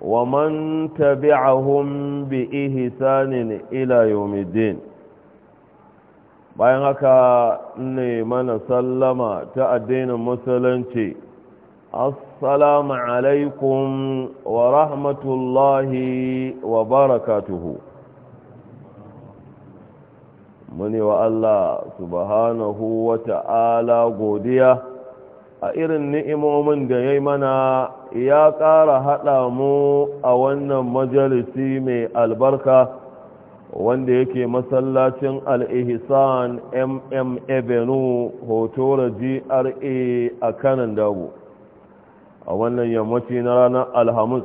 ومن تبعهم بإحسان إلى يوم الدين bayan haka ne mana sallama ta addinin musulunci assalamu alaikum wa rahmatullahi wa barakatuhu muni wa Allah subhanahu wa ta'ala godiya a irin ni'imomin da ya mana ya ƙara haɗa mu a wannan majalisi mai albarka wanda yake masallacin al'ihisan mm ebenu hotora gra a kanan dago a wannan yammaci na ranar alhamis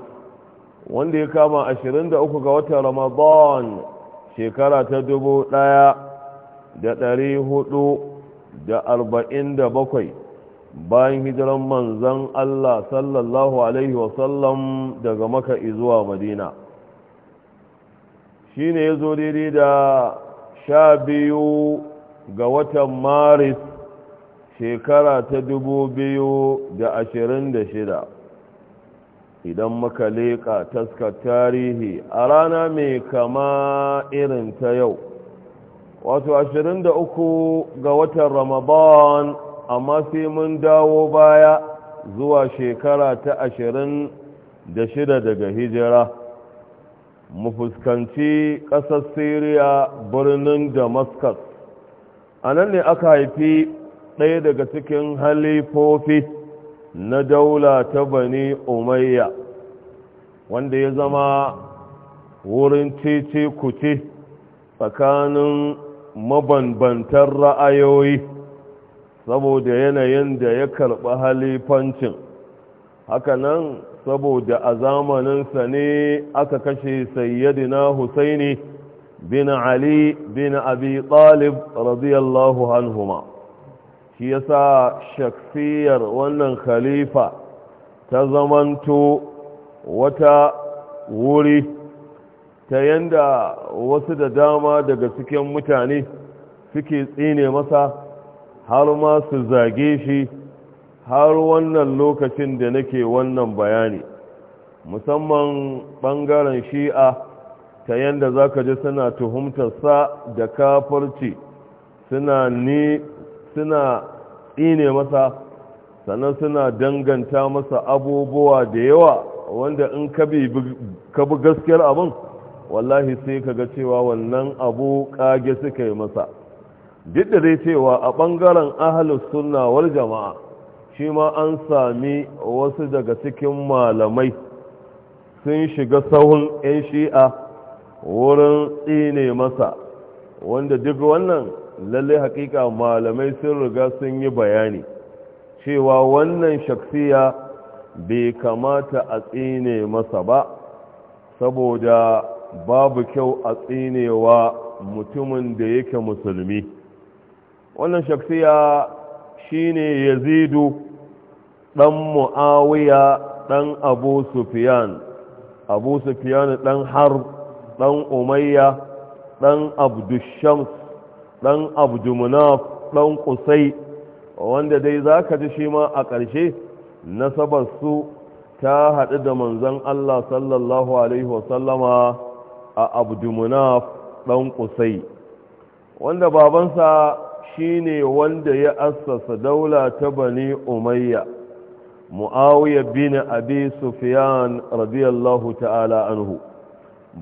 wanda ya kama 23 ga watan ramadan shekara ta dubu ɗaya da da da hudu bakwai. bayan hijiran manzan Allah sallallahu alaihi wasallam daga maka zuwa madina shi ne ya zo daidai da sha biyu ga watan maris shekara ta dubu biyu da ashirin da shida idan muka leƙa taskar tarihi a rana mai kama irin ta yau wato uku ga watan ramadan amma sai mun dawo baya zuwa shekara ta ashirin da shida daga hijira mu fuskanci ƙasar syria birnin damascus a nan ne aka haifi ɗaya daga cikin halifofi na daula ta bani umayya wanda ya zama wurin cece kuce tsakanin mabambantar ra'ayoyi saboda yanayin da ya karɓi halifancin hakanan saboda a zamaninsa ne aka kashe sayyadina husaini bin ali bin abi talib radiyallahu anhuma shi yasa shakfiyar wannan khalifa ta zamanto wata wuri ta yanda wasu da dama daga cikin mutane suke tsine masa har ma su zage shi har wannan lokacin da nake wannan bayani musamman ɓangaren shi'a ta yadda za ka ji suna sa da kafarci suna ni suna tsine masa sannan suna danganta masa abubuwa da yawa wanda in ka bi gaskiyar abin wallahi sai ka ga cewa wannan abu kage suka yi masa duk da dai cewa a ɓangaren ahalus sunna wal jama'a shi ma an sami wasu daga cikin malamai sun shiga sahun 'yan shi'a wurin tsine masa wanda duk wannan lalle hakika malamai sun riga sun yi bayani cewa wannan shaksiya bai kamata a tsine masa ba saboda babu kyau a tsinewa mutumin da yake musulmi wannan shaksiya shine yazidu ɗan muawiya ɗan abu sufiyan abu sufiyan dan harb dan umayya dan abdushams dan abdumunaf dan qusay wanda dai zaka ji shi ma a ƙarshe nasabar su ta haɗu da manzon Allah sallallahu alaihi wasallama a abdumunaf ɗan qusay wanda babansa shine wanda ya assasa daula ta bani umayya muawiya bin abi sufyan radiyallahu ta'ala anhu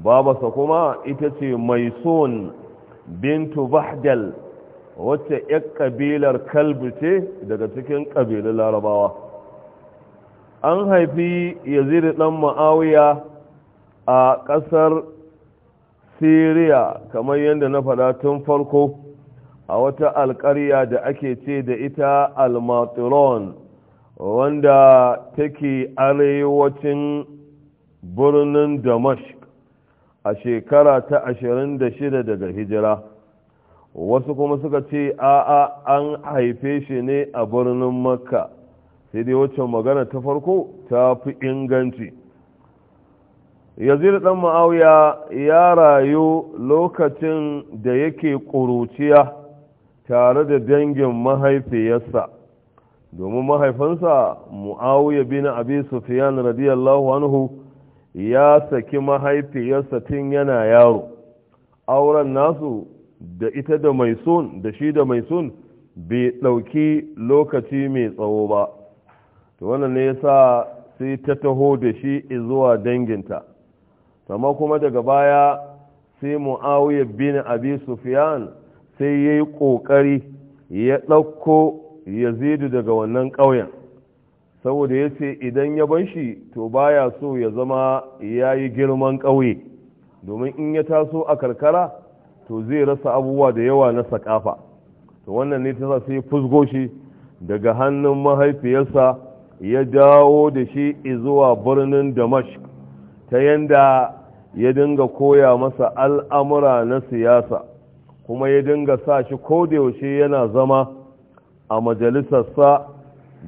Babasa kuma ita ce maisun bintu bahdal wacce 'yan kabilar kalbi ce daga cikin kabilun larabawa an haifi yazid ɗan ma'awiya a ƙasar siriya kamar yadda na faɗa tun farko a wata alƙarya da ake ce da ita Almatron, wanda take arewacin birnin damashk a shekara ta ashirin 26 daga hijira wasu kuma suka ce a'a an haife shi ne a birnin makka sai dai wacce magana ta farko ta fi inganci yazid dan ma'auya ya rayu lokacin da yake ƙuruciya tare da dangin mahaifiyarsa domin mahaifinsa mu'awiya bin abi sufyan radiyallahu anhu ya saki mahaifiyarsa tun yana yaro auren nasu da ita da mai sun da shi da mai sun bai ɗauki lokaci mai tsawo ba to wannan ne yasa sai ta taho da shi zuwa danginta amma kuma daga baya sai mu'awiya bin abi sufyan sai ya yi ƙoƙari ya ɗauko ya zidu daga wannan ƙauyen saboda ya ce idan ya ban shi to baya so ya zama ya yi girman ƙauye domin in ya taso a karkara to zai rasa abubuwa da yawa na sakafa to wannan ne ta sai fusgo shi daga hannun mahaifiyarsa ya dawo da shi zuwa birnin damash ta yanda ya dinga koya masa al'amura na siyasa kuma ya dinga sa shi ko da yaushe yana zama a majalisarsa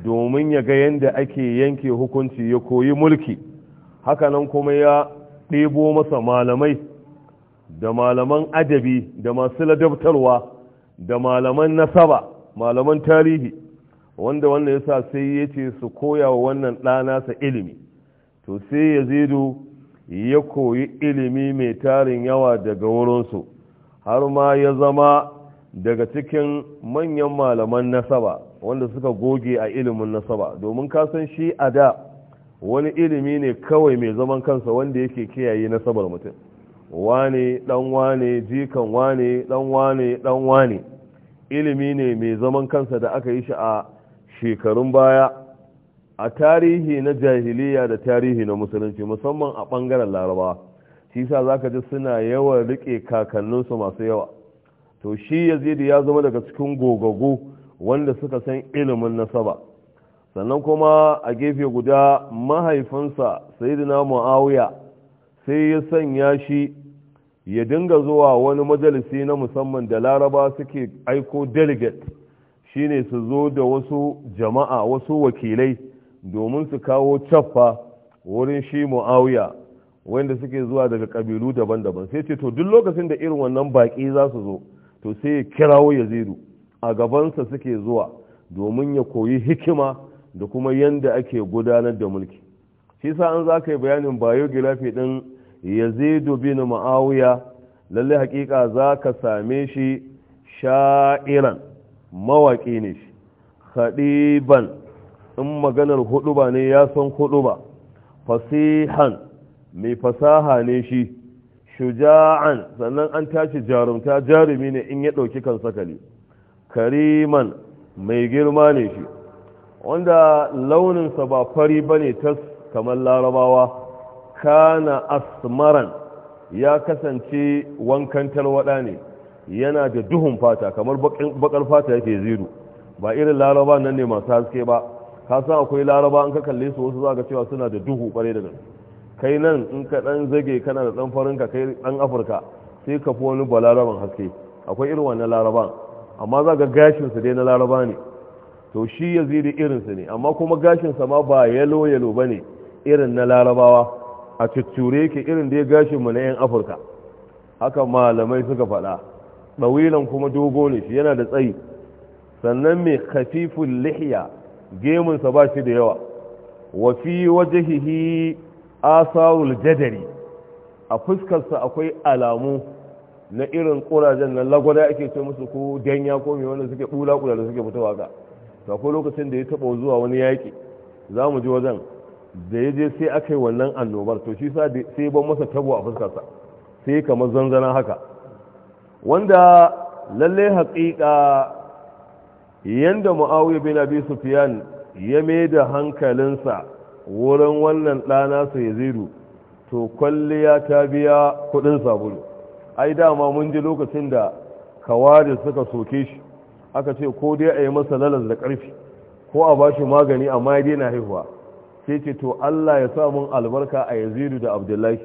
domin ya ga yadda ake yanke hukunci ya koyi mulki hakanan kuma ya ɗebo masa malamai da malaman adabi da masu ladabtarwa da malaman nasaba malaman tarihi wanda wannan ya sa sai ya ce su koya wa wannan ɗanasa ilimi to sai ya zido ya koyi ilimi mai tarin yawa daga wurinsu har ma ya zama daga cikin manyan malaman nasaba wanda suka goge a ilimin nasaba domin ka san shi a da wani ilimi ne kawai mai zaman kansa wanda yake kiyaye nasabar mutum wane dan wane jikan wane dan wane dan wane ilimi ne mai zaman kansa da aka yi shi a shekarun baya a tarihi na jahiliya da tarihi na musulunci musamman a bangaren larabawa. shi za ka ji suna yawan rike kakanninsu masu yawa to shi yazidu ya zama daga cikin gogago wanda suka san ilimin nasaba sannan kuma a gefe guda mahaifinsa sayyidina muawiya sai ya sanya shi ya dinga zuwa wani majalisi na musamman da laraba suke aiko delegate shine su zo da wasu jama'a wasu wakilai domin su kawo caffa wurin shi mu'awiya wanda suke zuwa daga kabilu daban-daban sai ce to duk lokacin da irin wannan baƙi za su zo to sai ya kirawo yazidu a gabansa suke zuwa domin ya koyi hikima da kuma yanda ake gudanar da mulki shi sa an za ka yi bayanin biography din yazidu bin ma'awiya lallai hakika za ka same shi sha'iran mawaƙi ne shi khadiban in maganar hudu ba ne ya san hudu ba fasihan mai fasaha ne shi shuja'an sannan an tashi jarumta jarumi ne in ya ɗauki kan sakali kariman mai girma ne shi wanda launinsa ba fari ba ne tas kamar larabawa kana asmaran ya kasance wankan talwada ne yana da duhun fata kamar bakar fata yake ziru ba irin laraba nan ne masu haske ba ka san akwai laraba an ka kalle su wasu za ka cewa suna da duhu kwarai da kai nan in ka dan zage kana da dan farin ka kai dan afirka sai ka fi wani balaraban haske akwai irin wannan laraban amma za ga gashin su dai na laraba ne to shi yazidi irin su ne amma kuma gashin sa ma ba yalo yalo bane irin na larabawa a tutture ke irin dai gashin mu na yan afirka haka malamai suka faɗa ɗawilan kuma dogo ne shi yana da tsayi sannan mai kafifin lihiya gemunsa ba shi da yawa wa fi wajhihi asarul jadari a fuskarsa akwai alamu na irin ƙurajen nan lagwada ake ce musu ko danya ko mai wanda suke ɓula ƙula da suke fitowa ga to akwai lokacin da ya taɓa zuwa wani yaƙi za mu ji wajen da ya je sai aka yi wannan annobar to shi sai ban masa tabo a fuskarsa sai kamar zanzana haka wanda lallai haƙiƙa yanda mu'awiyar bin abi sufyan ya mai da hankalinsa wurin wannan ɗana su ya to kwalliya ta biya kudin sabulu ai dama mun ji lokacin da kawari suka soke shi aka ce ko dai a yi masa lalas da ƙarfi ko a ba shi magani amma ya daina haihuwa sai ce to Allah ya sa mun albarka a yazidu da abdullahi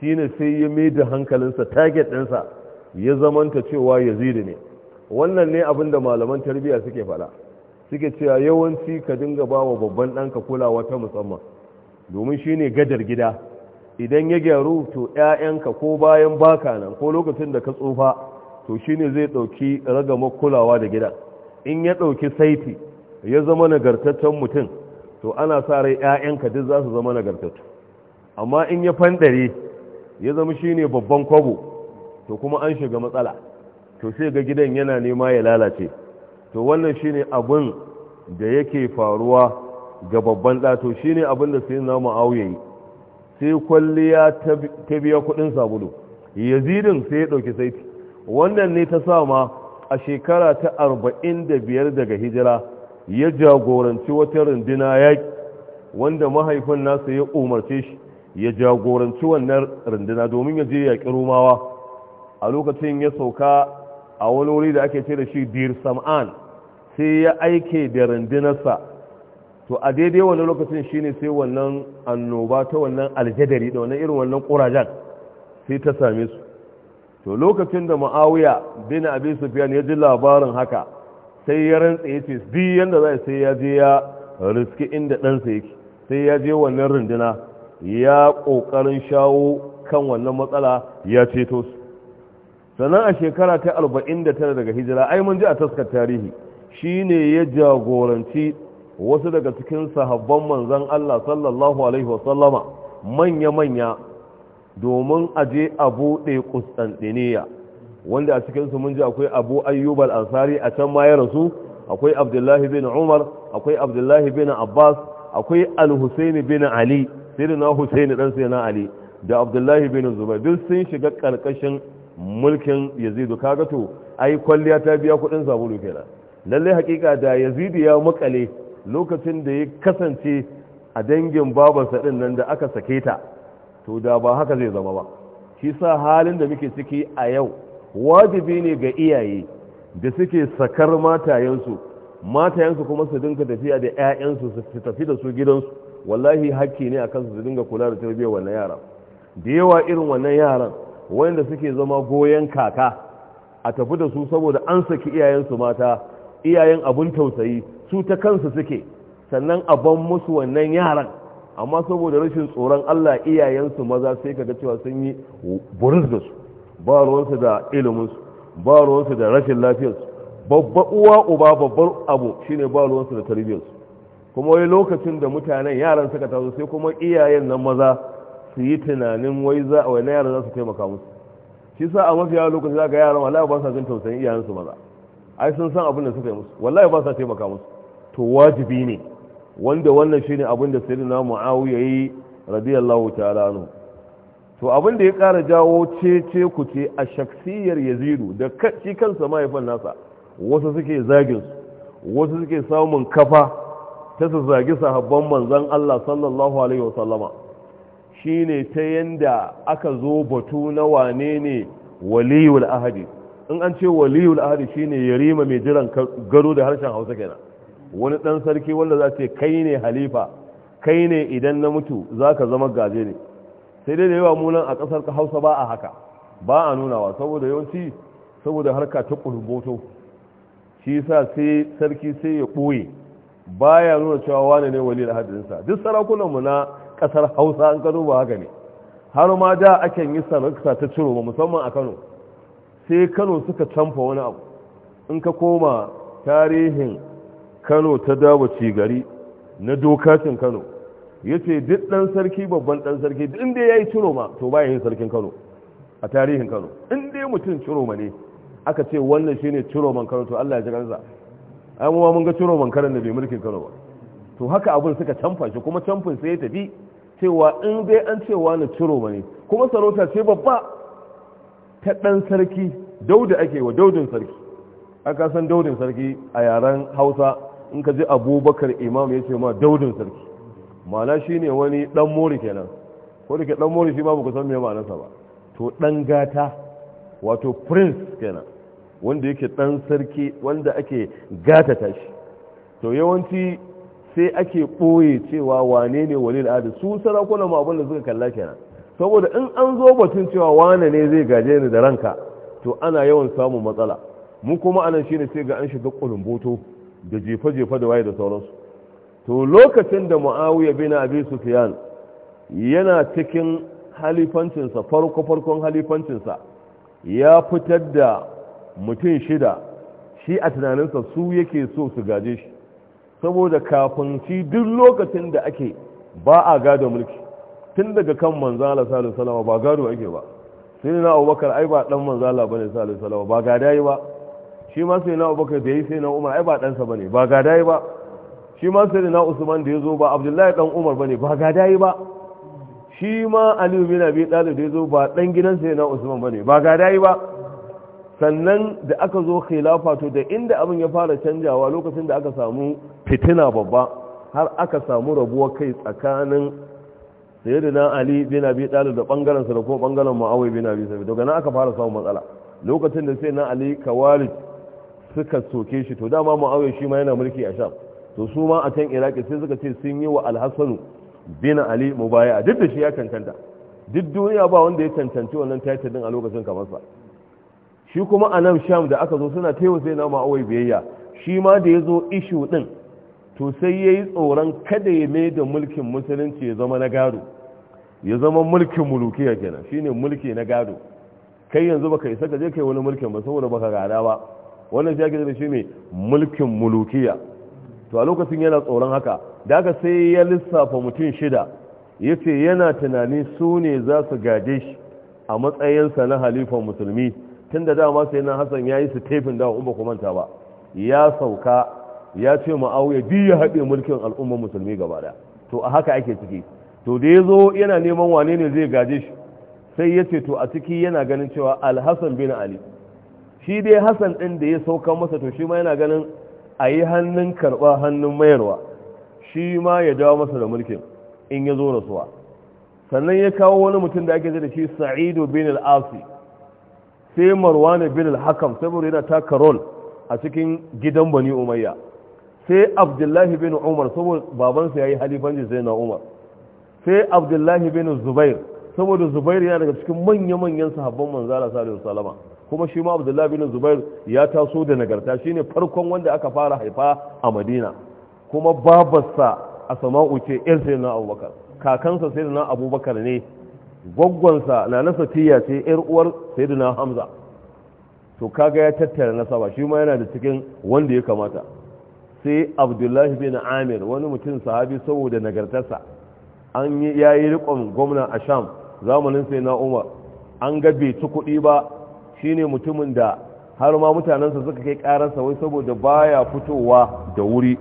shi ne sai ya mai da hankalinsa target ɗinsa ya zamanta cewa yazidu ne wannan ne abin da malaman tarbiyya suke faɗa suke cewa yawanci ka dinga ba wa babban ɗanka kulawa ta musamman domin shi ne gadar gida idan ya gyaru to 'ya'yanka ko bayan baka nan ko lokacin da ka tsufa to shi ne zai ɗauki ragamar kulawa da gida in ya ɗauki saiti ya zama nagartaccen mutum to ana sa rai 'ya'yanka duk za su zama nagartattu amma in ya fanɗare, ya zama shi ne babban kwabo to kuma an shiga matsala to sai ga gidan yana nema ya lalace to wannan shine abin da yake faruwa ga babban ɗato shine abin da sai na mu sai kwalliya ta biya kuɗin sabulu yazidin sai ya ɗauki saiti wannan ne ta sa ma a shekara ta arba'in da biyar daga hijira ya jagoranci wata rundina yaƙi wanda mahaifin nasa ya umarce shi ya jagoranci wannan runduna domin ya je yaƙi rumawa a lokacin ya sauka a wani wuri da ake ce da shi dir sam'an sai ya aike da rundunarsa to a daidai wani lokacin shi ne sai wannan annoba ta wannan aljadari da wannan irin wannan kurajen sai ta same su to lokacin da ma'awuya bin abi ne ya ji labarin haka sai ya rantsa ya ce duk yanda za sai ya je ya riski inda ɗansa yake sai ya je wannan runduna ya ƙoƙarin shawo kan wannan matsala ya ceto su sannan a shekara ta da tara daga hijira ai mun ji a taskar tarihi shi ne ya jagoranci wasu daga cikin sahabban manzon Allah sallallahu alaihi wasallama manya-manya domin aje a buɗe Kustantiniya wanda a cikinsu mun ji akwai abu ayyub al-ansari a can ma ya rasu akwai abdullahi bin umar akwai abdullahi bin abbas akwai al-husaini bin ali sai na husaini dan sai ali da abdullahi bin zubair duk sun shiga karkashin mulkin yazidu kaga to ai kwalliya ta biya kudin sabulu kenan lalle hakika da yazidu ya makale lokacin da ya kasance a dangin babansa din nan da aka sake ta to da ba haka zai zama ba shi sa halin da muke ciki a yau wajibi ne ga iyaye da suke sakar matayensu matayensu kuma su dinka tafiya da 'ya'yansu su tafi da su gidansu wallahi hakki ne a su dinga kula da tarbiyyar wannan yaran da yawa irin wannan yaran wanda suke zama goyon kaka a tafi da su saboda an saki iyayensu mata iyayen abun tausayi su ta kansu suke sannan a musu wannan yaran amma saboda rashin tsoron Allah iyayensu maza sai kaga cewa sun yi buris da su ba ruwansu da iliminsu ba ruwansu da rashin lafiyarsu babba uwa uba babbar abu shine ba ruwansu da tarbiyyarsu kuma wani lokacin da mutanen yaran suka taso sai kuma iyayen nan maza su yi tunanin wai za a wani yara za su taimaka musu shi sa a mafiya lokacin zaka yaran wallahi ba sa jin tausayin iyayensu maza ai sun san abin da suka yi musu wallahi ba sa taimaka musu to wajibi ne wanda wannan shine abin da sayyidina muawiya yi radiyallahu ta'ala anhu to abin da ya kara jawo cece ku ce a shaksiyar yazidu da shi kansa mahaifin nasa wasu suke zagin su wasu suke samun kafa ta su zagi sahabban manzon Allah sallallahu alaihi wasallama shine ta yanda aka zo batu na wane ne waliyul ahadi in an ce waliyul ahadi shine yarima mai jiran gado da harshen Hausa kenan wani dan sarki wanda za ce kai ne halifa kai ne idan na mutu zaka zama gaje ne sai dai da yawa mu nan a kasar Hausa ba a haka ba a nunawa saboda yawanci saboda harka ta kulboto shi yasa sai sarki sai ya boye baya nuna cewa wane ne waliyul duk sarakunan mu na kasar hausa an kano ba haka ne har ma da akan yi saraksa ta ciro musamman a kano sai kano suka canfa wani abu in ka koma tarihin kano ta dawo cigari na dokacin kano ya ce duk ɗan sarki babban ɗan sarki duk inda ya yi ciro ma to ba yin sarkin kano a tarihin kano inda mutum ciro ma ne aka ce wannan shine ciro man kano to allah ya ji kansa an mun ga ciro man kano da bai mulkin kano ba to haka abin suka canfa shi kuma canfin sai ya tafi cewa in dai an cewa na ciro ba ne kuma sarauta ce babba ta ɗan sarki dauda ake wa daudin sarki aka san daudin sarki a yaren hausa in ka ji abubakar imam ya ce ma daudin sarki mana shi ne wani ɗan mori kenan ko da ke ɗan mori shi ma ba ku san me ma'anarsa ba to ɗan gata wato prince kenan wanda yake ɗan sarki wanda ake gatata shi to yawanci sai ake ɓoye cewa wane ne wali al'adu su sarakunan ma abinda suka kalla kenan saboda in an zo batun cewa wane ne zai gaje ni da ranka to ana yawan samun matsala mu kuma anan shine sai ga an shiga kulumboto da jefa-jefa da waye da sauransu to lokacin da muawiya bin abi sufyan yana cikin halifancinsa farko farkon halifancinsa ya fitar da mutum shida shi a tunaninsa su yake so su gaje shi saboda kafin shi duk lokacin da ake ba a gado mulki tun daga kan manzala salisu salama ba gado ake ba sai na abubakar ai ba dan manzala ba ne salisu salama ba gada yi ba shi ma sai na abubakar da yi sai na umar ai ba ɗansa ba ne ba gada yi ba shi ma sai na usman da ya zo ba abdullahi dan umar ba ne ba gada yi ba shi ma aliyu bin abi talib da ya zo ba dan gidan sai na usman ba ne ba gada yi ba sannan da aka zo khilafa to da inda abin ya fara canjawa lokacin da aka samu fitina babba har aka samu rabuwar kai tsakanin sayyidina ali bin abi talib da bangaren sa da kuma bangaren muawiya bin abi sufyan daga nan aka fara samun matsala lokacin da sayyidina ali kawalid suka soke shi to dama muawiya shi ma yana mulki a sham to su ma a can iraki sai suka ce sun yi wa alhassanu bin ali mubaya duk da shi ya cancanta duk duniya ba wanda ya cancanci wannan title din a lokacin kamar sa shi kuma a nan sham da aka zo suna taiwa sai na ma'awai biyayya shi ma da ya zo ishu ɗin to sai ya yi tsoron kada ya mai da mulkin musulunci ya zama na gado ya zama mulkin mulukiya kenan shine mulki na gado kai yanzu baka isa ka je kai wani mulkin ba saboda baka gada ba wannan shi ake da shi ne mulkin mulukiya to a lokacin yana tsoron haka da aka sai ya lissafa mutum shida ya ce yana tunani su ne za su gaje shi a matsayinsa na halifan musulmi tun da dama sai na hassan ya yi su tefin da umar kumanta ba ya sauka ya ce ma'auya biyu ya haɗe mulkin al'ummar musulmi gaba da to a haka ake ciki to da ya zo yana neman wane ne zai gaje shi sai ya ce to a ciki yana ganin cewa alhassan bin ali shi dai hassan ɗin da ya sauka masa to shi ma yana ganin a yi hannun karɓa hannun mayarwa shi ma ya dawo masa da mulkin in ya zo rasuwa sannan ya kawo wani mutum da ake da shi sa'idu bin al'asi sai marwan bin al-hakam saboda yana taka rol a cikin gidan bani umayya sai abdullahi bin umar saboda babansa yayi halifan sai na umar sai abdullahi bin zubair saboda zubair yana daga cikin manya-manyan sahabban manzala sallallahu alaihi wasallama kuma shi ma abdullahi bin zubair ya taso da nagarta shine farkon wanda aka fara haifa a madina kuma babarsa a sama'u ce yan sayyidina abubakar kakansa sayyidina abubakar ne gwaggonsa na na safiya ce yar uwar sayyidina hamza to kaga ya tattara nasaba shi ma yana da cikin wanda ya kamata sai abdullahi bin amir wani mutum sahabi saboda nagartarsa an yi rikon gwamna a sham zamanin sai na umar an ga bai ci kuɗi ba shine mutumin da har ma mutanensa suka kai ƙararsa wai saboda baya fitowa da wuri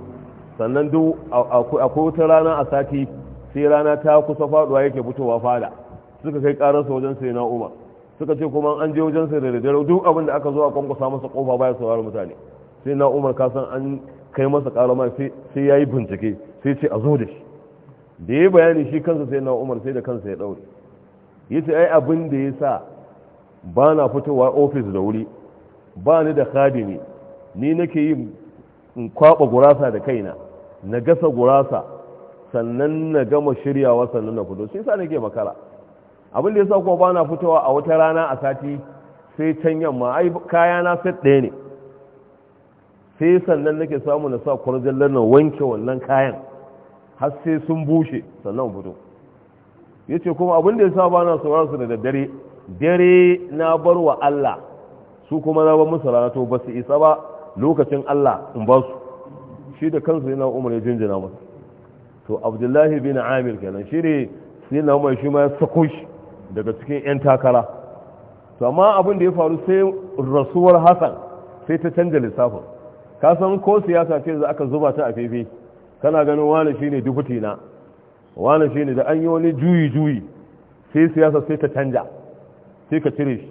sannan duk akwai wata rana a sati sai rana ta kusa faɗuwa yake fitowa fada suka kai kararsa wajen sai na umar suka ce kuma an je wajen sai da dare duk abin da aka zo a kwankwasa masa kofa baya sauraro mutane sai na umar ka san an kai masa karama sai ya yi bincike sai ce a zo da shi da ya bayani shi kansa sai na umar sai da kansa ya ɗaure ya ce ai abin da ya sa ba na fitowa ofis da wuri ba ni da khadimi ni nake yi in kwaɓa gurasa da kaina na gasa gurasa sannan na gama shiryawa sannan na fito shi sa nake makara abin da ya sa kuma bana fitowa a wata rana a sati sai can yamma ai kaya na set ɗaya ne sai sannan nake samu na sa kwarjallar na wanke wannan kayan har sai sun bushe sannan fito ya ce kuma abin da ya sa bana sauransu su da daddare dare na bar wa Allah su kuma na bar musu rana to ba su isa ba lokacin Allah in ba su shi da kansu yana umar ya jinjina masa to abdullahi bin amir kenan shi ne sai na umar shi ma ya sako daga cikin 'yan takara to amma abin da ya faru sai rasuwar hassan sai ta canja lissafin kasan ko siyasa ce za aka zuba ta a fefe kana ganin wane shi ne dubutina na wane shi ne da an yi wani juyi-juyi sai siyasa sai ta canja sai ka cire shi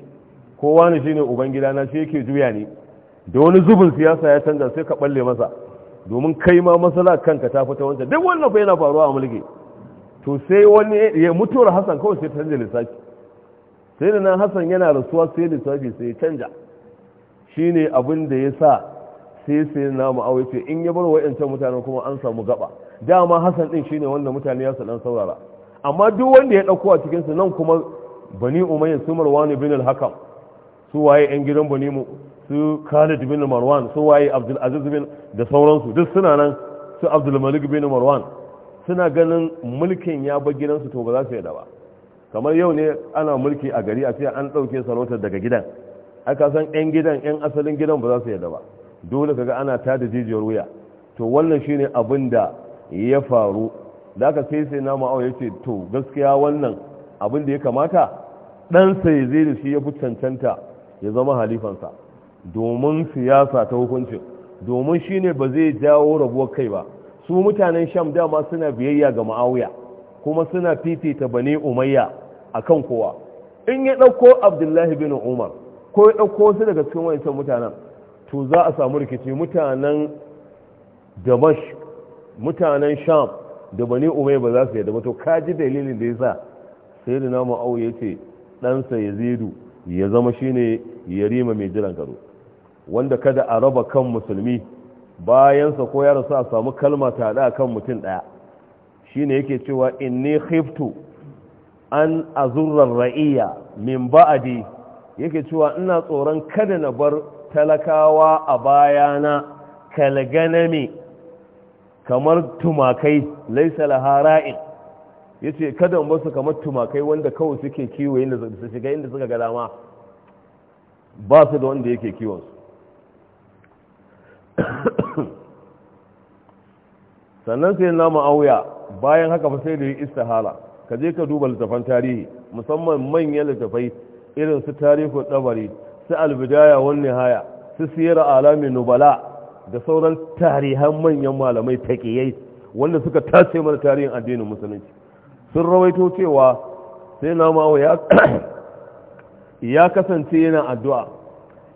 ko wane shi ne ubangida na shi yake juya ne da wani zubin siyasa ya canja sai ka balle masa domin kai ma masala kanka ta fita wancan duk wannan fa yana faruwa a mulki to sai wani ya mutuwar hassan kawai sai canja lissafi sai da nan hassan yana rasuwa sai lissafi sai canja shi ne abin da ya sa sai sai na ma'awai ce in ya bar wa'yancan mutanen kuma an samu gaba dama hassan din shine wanda mutane ya sadan saurara amma duk wanda ya ɗauko a cikinsu nan kuma bani umayyar su marwan bin al su waye yan gidan bani mu su khalid bin marwan su waye abdul aziz bin da sauransu duk suna nan su abdul malik bin marwan suna ganin mulkin ya bar gidansu to ba za su yada ba kamar yau ne ana mulki a gari a ce an ɗauke sarautar daga gidan aka san 'yan gidan 'yan asalin gidan ba za su yada ba dole kaga ana tada jijiyar wuya to wannan shine abin da ya faru da aka sai sai na ma'au ya ce to gaskiya wannan abin da ya kamata ɗansa sai zai da shi ya fi cancanta ya zama halifansa domin siyasa ta hukuncin domin shine ba zai jawo rabuwar kai ba su mutanen sham dama suna biyayya ga ma'awiya kuma suna fifita bane umayya akan kowa in ya ɗauko abdullahi bin umar ko ya ɗauko su daga cikin wancan mutanen to za a samu rikici mutanen damash mutanen sham da bani umai ba za su yadda ba to kaji dalilin da ya sa sai da namu au ya ce ɗansa ya zidu ya zama shine yarima mai jiran gado wanda kada a raba kan musulmi bayansa ko ya rasu a samu kalma ta da kan mutum daya shine yake cewa inni khiftu an azurra ra'iya min ba'adi yake cewa ina tsoron kada na bar talakawa a bayana kalganami kamar tumakai laisa lahara'in yace kada in su kamar tumakai wanda kawai suke kiwo inda su shiga inda suka ga dama ba su da wanda yake kiwon sannan sai na ma'auya bayan haka fa sai da yi istihala ka je ka duba littafan tarihi musamman manyan littafai irin su tarihu tsabari su albidaya wani nihaya su siyar alami nubala da sauran tarihan manyan malamai taƙiyai wanda suka tace mana tarihin addinin musulunci sun rawaito cewa sai na ma'auya ya kasance yana addu'a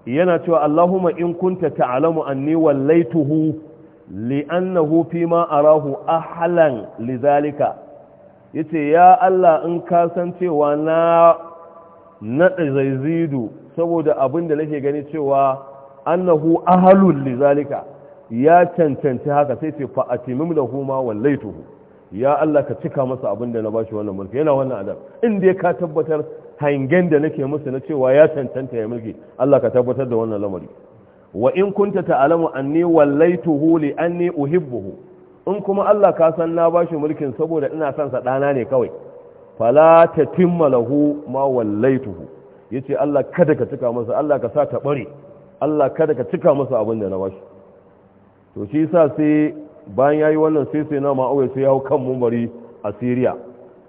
yana cewa Allahumma in kunta ta'lamu anni wallaituhu li'annahu ma arahu ahlan lidhalika yace ya Allah in ka san cewa na nada zaizidu saboda abin da nake gani cewa annahu ahalul lidhalika ya cancanci haka sai ce fa atimim lahu ma wallaituhu ya Allah ka cika masa abin da na bashi wannan mulki yana wannan adab in dai ka tabbatar hangen da nake musu na cewa ya cancanta ya mulki Allah ka tabbatar da wannan lamari wa in kunta ta'lamu anni wallaituhu li anni uhibbuhu in kuma Allah ka san na bashi mulkin saboda ina son sa dana ne kawai fala tatimma lahu ma wallaituhu yace Allah kada ka cika masa Allah ka sa ta bare Allah kada ka cika masa abin da na bashi to shi yasa sai bayan yayi wannan sai sai na auye sai ya hau kan mumbari a Syria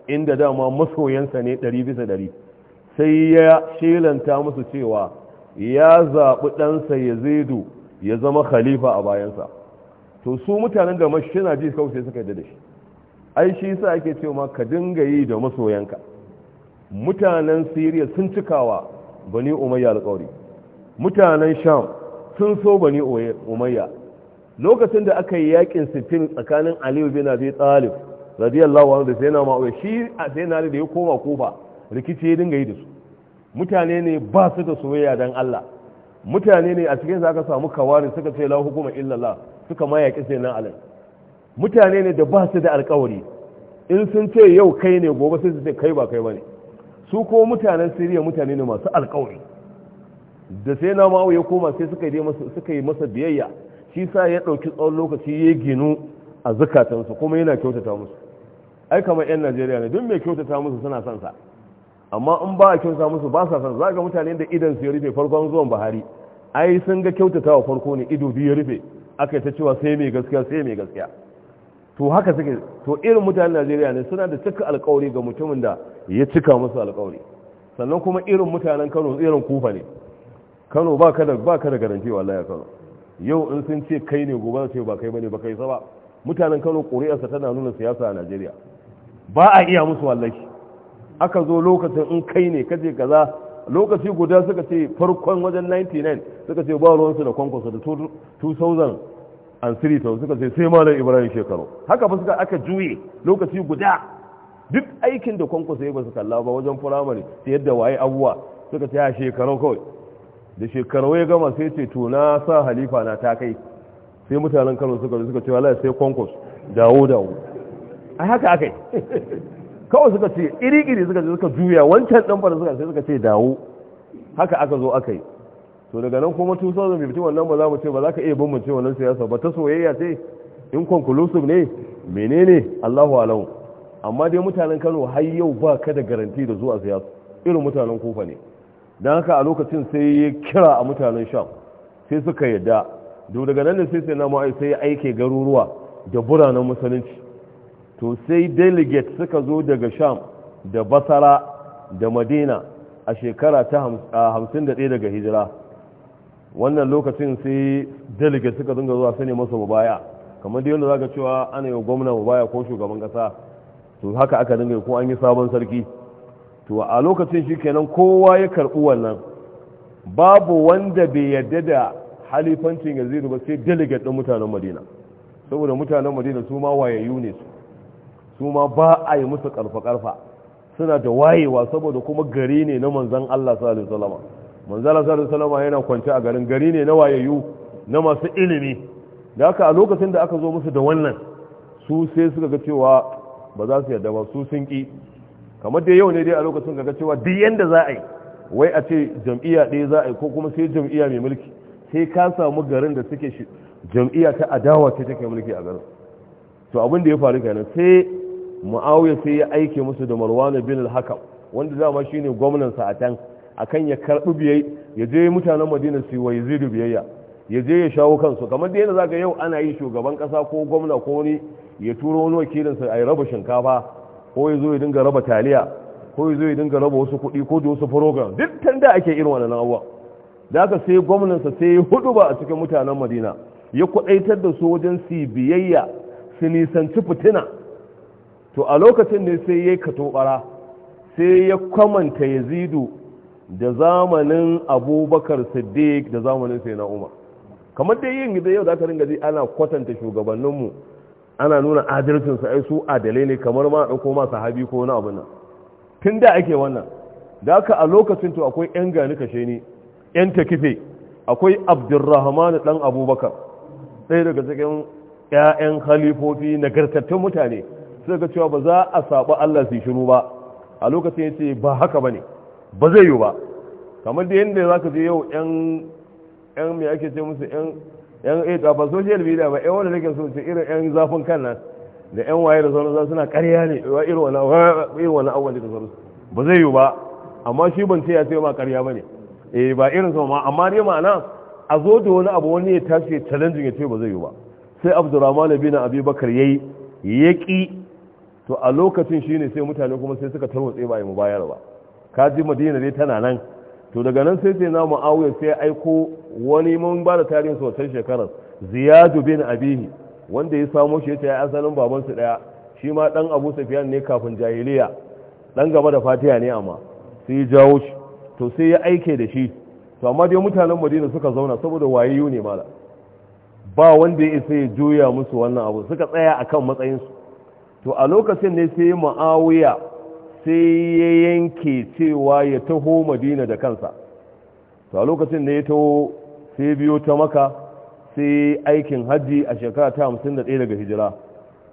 inda dama masoyansa ne 100 bisa 100 sai ya shelanta musu cewa ya zaɓi ɗansa ya zaidu ya zama khalifa a bayansa to su mutanen da mashi suna ji kawai sai suka yi da shi ai shi sa ake cewa ma ka dinga yi da masoyanka mutanen siriya sun cikawa bani umayya alƙawari mutanen sham sun so bani umayya lokacin da aka yi yakin sittin tsakanin aliyu bin abi talib radiyallahu anhu da sayyidina ma'uwa shi a sayyidina da ya koma kufa rikici ya dinga yi da su mutane ne ba su da soyayya dan Allah mutane ne a cikin za ka samu kawari suka ce la hukuma illallah suka ma yaƙi sai nan alai mutane ne da ba su da alƙawari in sun ce yau kai ne gobe sai su ce kai ba kai bane su ko mutanen siriya mutane ne masu alƙawari da sai na ma'au ya koma sai suka yi masa suka yi masa biyayya shi sa ya ɗauki tsawon lokaci ya ginu a zukatansu kuma yana kyautata musu ai kamar 'yan najeriya ne duk mai kyautata musu suna son sa amma in ba a kyauta musu ba sa san za ga mutane da idan su ya rufe farkon zuwan buhari ai sun ga kyautata wa farko ne ido biyu ya rufe aka yi ta cewa sai mai gaskiya sai mai gaskiya to haka suke to irin mutanen najeriya ne suna da cika alkawari ga mutumin da ya cika musu alkawari sannan kuma irin mutanen kano irin kufa ne kano ba ka da ba ka da garanti wallahi kano yau in sun ce kai ne gobe ce ba kai bane ba kai sa ba mutanen kano ƙuri'arsa tana nuna siyasa a najeriya ba a iya musu wallahi aka zo lokacin in kai ne kaje kaza lokaci guda suka ce farkon wajen 99 suka ce ba ruwansu da kwankwasa da 2003 suka ce sai malam ibrahim shekaru haka ba suka aka juye lokaci guda duk aikin da kwankwasa ya ba su kalla ba wajen firamare ta yadda waye abuwa suka ce a shekaru kawai da shekaru ya gama sai ce to na sa halifa na ta kai sai mutanen kano suka suka ce wallahi sai kwankwaso dawo dawo a haka akai kawai suka ce iri-iri suka ce suka juya wancan ɗan fara suka sai suka ce dawo haka aka zo aka yi to daga nan kuma 2015 wannan ba za mu ce ba za ka iya bin mace wannan siyasa ba ta soyayya ce in conclusive ne menene Allahu alahu amma dai mutanen Kano har yau ba ka da garanti da zuwa siyasa irin mutanen kofa ne dan haka a lokacin sai ya kira a mutanen Sham sai suka yadda to daga nan ne sai sai na mu sai aike garuruwa da buranan musulunci to sai delegate suka zo daga sham da basara da madina a shekara ta 51 daga hijira wannan lokacin sai delegate suka zunga zuwa sani masa mubaya kamar da yadda za ka cewa ana yi gwamna mubaya ko shugaban kasa to haka aka dinga ko an yi sabon sarki to a lokacin shi kenan kowa ya karɓi wannan babu wanda bai yarda da halifancin yanzu ba sai delegate ɗin mutanen madina saboda mutanen madina su ma wayayyu ne su su ma ba a yi musu karfa-karfa suna da wayewa saboda kuma gari ne na manzan Allah sallallahu alaihi wasallam manzan Allah sallallahu alaihi wasallam yana kwance a garin gari ne na wayayyu na masu ilimi da haka a lokacin da aka zo musu da wannan su sai suka ga cewa ba za su yarda ba su sun ki kamar dai yau ne dai a lokacin ga cewa duk yanda za a yi wai a ce jam'iyya ɗaya za a yi ko kuma sai jam'iyya mai mulki sai ka samu garin da suke jam'iyya ta adawa ce take mulki a garin to abin da ya faru kenan sai mu'awiya sai ya aike musu da marwan bin al-hakam wanda zama shine gwamnan sa a can akan ya karbi biyayya ya je mutanen madina su wa yazidu biyayya ya je ya shawo kansu kamar da yana zaka yau ana yi shugaban kasa ko gwamna ko wani ya turo wani wakilin sa ai raba shinkafa ko ya zo ya dinga raba taliya ko ya zo ya dinga raba wasu kuɗi ko da wasu program duk tanda ake irin wannan abuwa da aka sai gwamnan sa sai ya hudu ba a cikin mutanen madina ya kudaitar da su wajen su biyayya su nisanci fitina to a lokacin ne sai ya kato bara sai ya kwamanta yazidu da zamanin abubakar siddiq da zamanin sai na umar kamar dai yin gida yau za ka ringa ji ana kwatanta shugabanninmu ana nuna adalcinsu ai su adalai ne kamar ma ɗauko ma sahabi ko wani abu nan tun da ake wannan da haka a lokacin to akwai yan gani kashe ni yan takife akwai abdurrahman dan abubakar ɗaya daga cikin 'ya'yan halifofi nagartattun mutane ga cewa ba za a saba Allah su shiru ba a lokacin ya ce ba haka ba ne ba zai yi ba kamar da yadda za ka je yau yan mai ake ce musu yan a eh, ba social media ba yan wanda nake so ce irin yan zafin kan nan da yan waye da sauransu suna karya ne irin wani awon da zaune ba zai yi ba amma shi ban ce ya ce ma karya ba ne eh ba irin sama ma amma dai ma'ana a zo da wani abu wani ya tashi challenging ya ce ba zai yi ba sai abdurrahman bin abi bakar yayi ya to a lokacin shine sai mutane kuma sai suka tarwatse ba mu bayar ba ka ji madina dai tana nan to daga nan sai sai na mu'awiyar sai aiko wani mun ba da tarihin sosai shekarar ziyadu bin abihi wanda ya samo shi ya asalin babansu daya shi ma dan abu safiyan ne kafin jahiliya dan gaba da fatiha ne amma sai jawo shi to sai ya aike da shi to amma dai mutanen madina suka zauna saboda wayiyu ne mala ba wanda ya isa ya juya musu wannan abu suka tsaya akan matsayinsu to a lokacin ne sai ma'awiya sai ya yanke cewa ya taho madina da kansa to a lokacin da ya taho sai biyo ta maka sai aikin hajji a shekara ta 51 daga hijira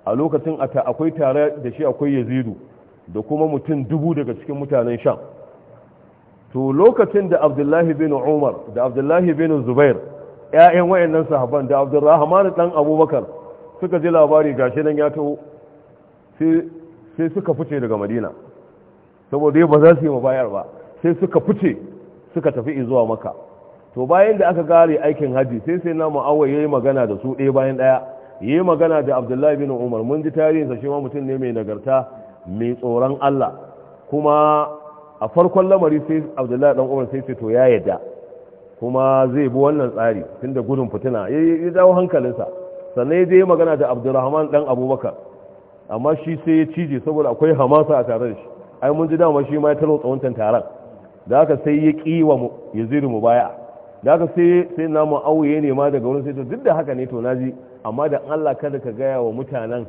a lokacin akwai tare da shi akwai yazidu da kuma mutum dubu daga cikin mutanen sham to lokacin da abdullahi bin umar da abdullahi bin zubair 'ya'yan wayannan sahaban da Abdullahi abdurrahman dan abubakar suka ji labari gashi nan ya taho sai suka fice daga madina saboda ba za su yi mabayar ba sai suka fice suka tafi zuwa maka to bayan da aka gare aikin hajji sai sai na ma'awai ya yi magana da su ɗaya bayan ɗaya ya yi magana da abdullahi bin umar mun ji tarihinsa shi ma mutum ne mai nagarta mai tsoron allah kuma a farkon lamari sai abdullahi dan umar sai to ya yadda kuma zai bi wannan tsari tun da gudun fitina ya dawo hankalinsa sannan ya je magana da abdurrahman dan abubakar amma shi sai ya cije saboda akwai hamasa a tare da shi ai mun ji dama shi ma ya tarwatsa wancan taron da haka sai ya ƙi wa yazidu mu baya da haka sai sai na mu auye ne ma daga wurin sai to duk da haka ne to naji amma da Allah kada ka gaya wa mutanen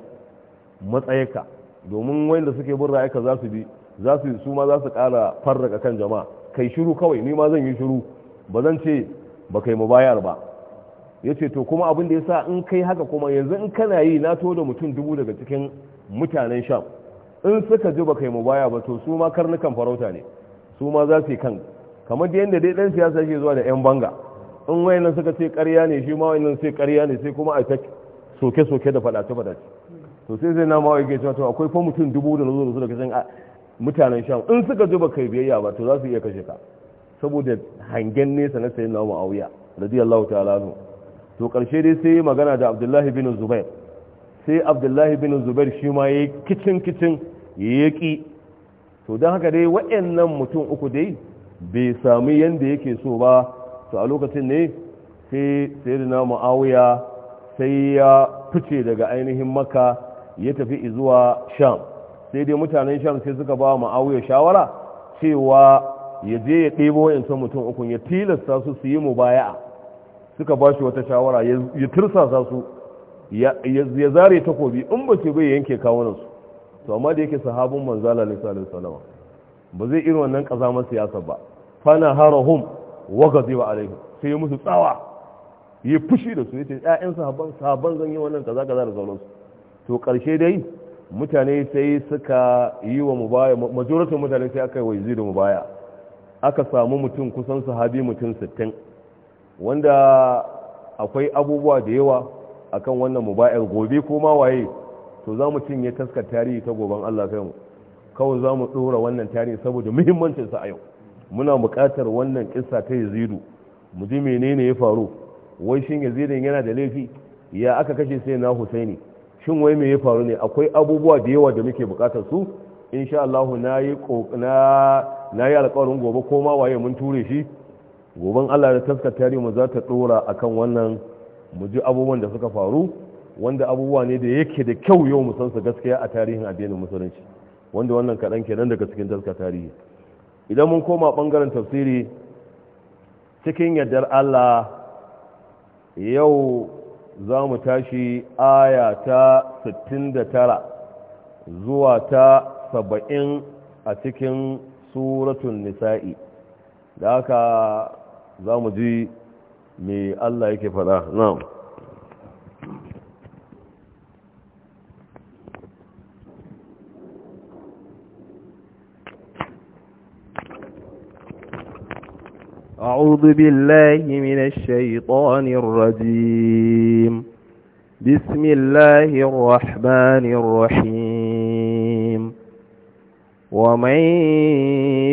matsayinka domin wanda suke bin ra'ayinka za su bi za su su ma za su ƙara farraka kan jama'a kai shiru kawai ni ma zan yi shiru ba zan ce ba kai mubayar ba ya ce to kuma abin da ya sa in kai haka kuma yanzu in kana yi na to da mutum dubu daga cikin mutanen sham in suka ji ba kai mu baya ba to su ma karnukan farauta ne su ma za su yi kan kamar da yadda dai dan siyasa ke zuwa da yan banga in wayannan suka ce ƙarya ne shi ma wayannan sai ƙarya ne sai kuma a ta soke-soke da faɗace-faɗace to sai zai na mawai gaisa to akwai fa mutum dubu da nazo da su daga cikin mutanen sham in suka ji ba kai biyayya ba to za su iya kashe ka saboda hangen nesa na sayin na ma'auya radiyallahu ta'ala anhu to ƙarshe dai sai magana da abdullahi bin zubair sai abdullahi bin zubair shi ma ya yi kicin kicin ya ƙi to don haka dai waɗannan mutum uku dai bai sami yadda yake so ba to a lokacin ne sai na ma'awuya sai ya fice daga ainihin maka ya tafi izuwa sham sai dai mutanen sham sai suka ba ma'awuya shawara cewa ya je ya ɗebo wa'yansu mutum uku ya tilasta su su yi mubaya'a suka ba shi wata shawara ya tursasa su ya zare takobi in ba ce bai yanke kawunansu to amma da yake sahabin manzala na ne sallallahu ba zai irin wannan kazamar siyasa ba fana harahum wa gaziba alaihim sai ya musu tsawa ya fushi da su ya ce ƴaƴan sahabban sahabban zan yi wannan kaza kaza da sauransu to karshe dai mutane sai suka yi wa mubaya majoritin mutane sai aka yi wa yazid mubaya aka samu mutum kusan sahabi mutum sittin. wanda akwai abubuwa da yawa a kan wannan mubayar gobe ko ma waye to za mu cinye taskar tarihi ta goban Allah kai mu kawai za mu tsora wannan tarihi saboda muhimmancinsa a yau muna buƙatar wannan kissa ta yazidu mu ji menene ya faru wai shin yazidin yana da laifi ya aka kashe sai na husaini shin wai me ya faru ne akwai abubuwa da yawa da muke buƙatar su insha Allah na yi na yi alƙawarin gobe ko ma waye mun ture shi goban allah da taska tarihi za ta dora akan wannan mu ji abubuwan da suka faru wanda abubuwa ne da yake da kyau yau mu san su gaskiya a tarihin addinin musulunci wanda wannan kaɗan kenan daga cikin taska tarihi idan mun koma ɓangaren tafsiri cikin yardar allah yau za mu tashi aya ta 69 zuwa ta 70 a cikin suratun nisa'i da aka za mu ji me Allah yake fada na'am أعوذ بالله من الشيطان الرجيم بسم الله الرحمن الرحيم ومن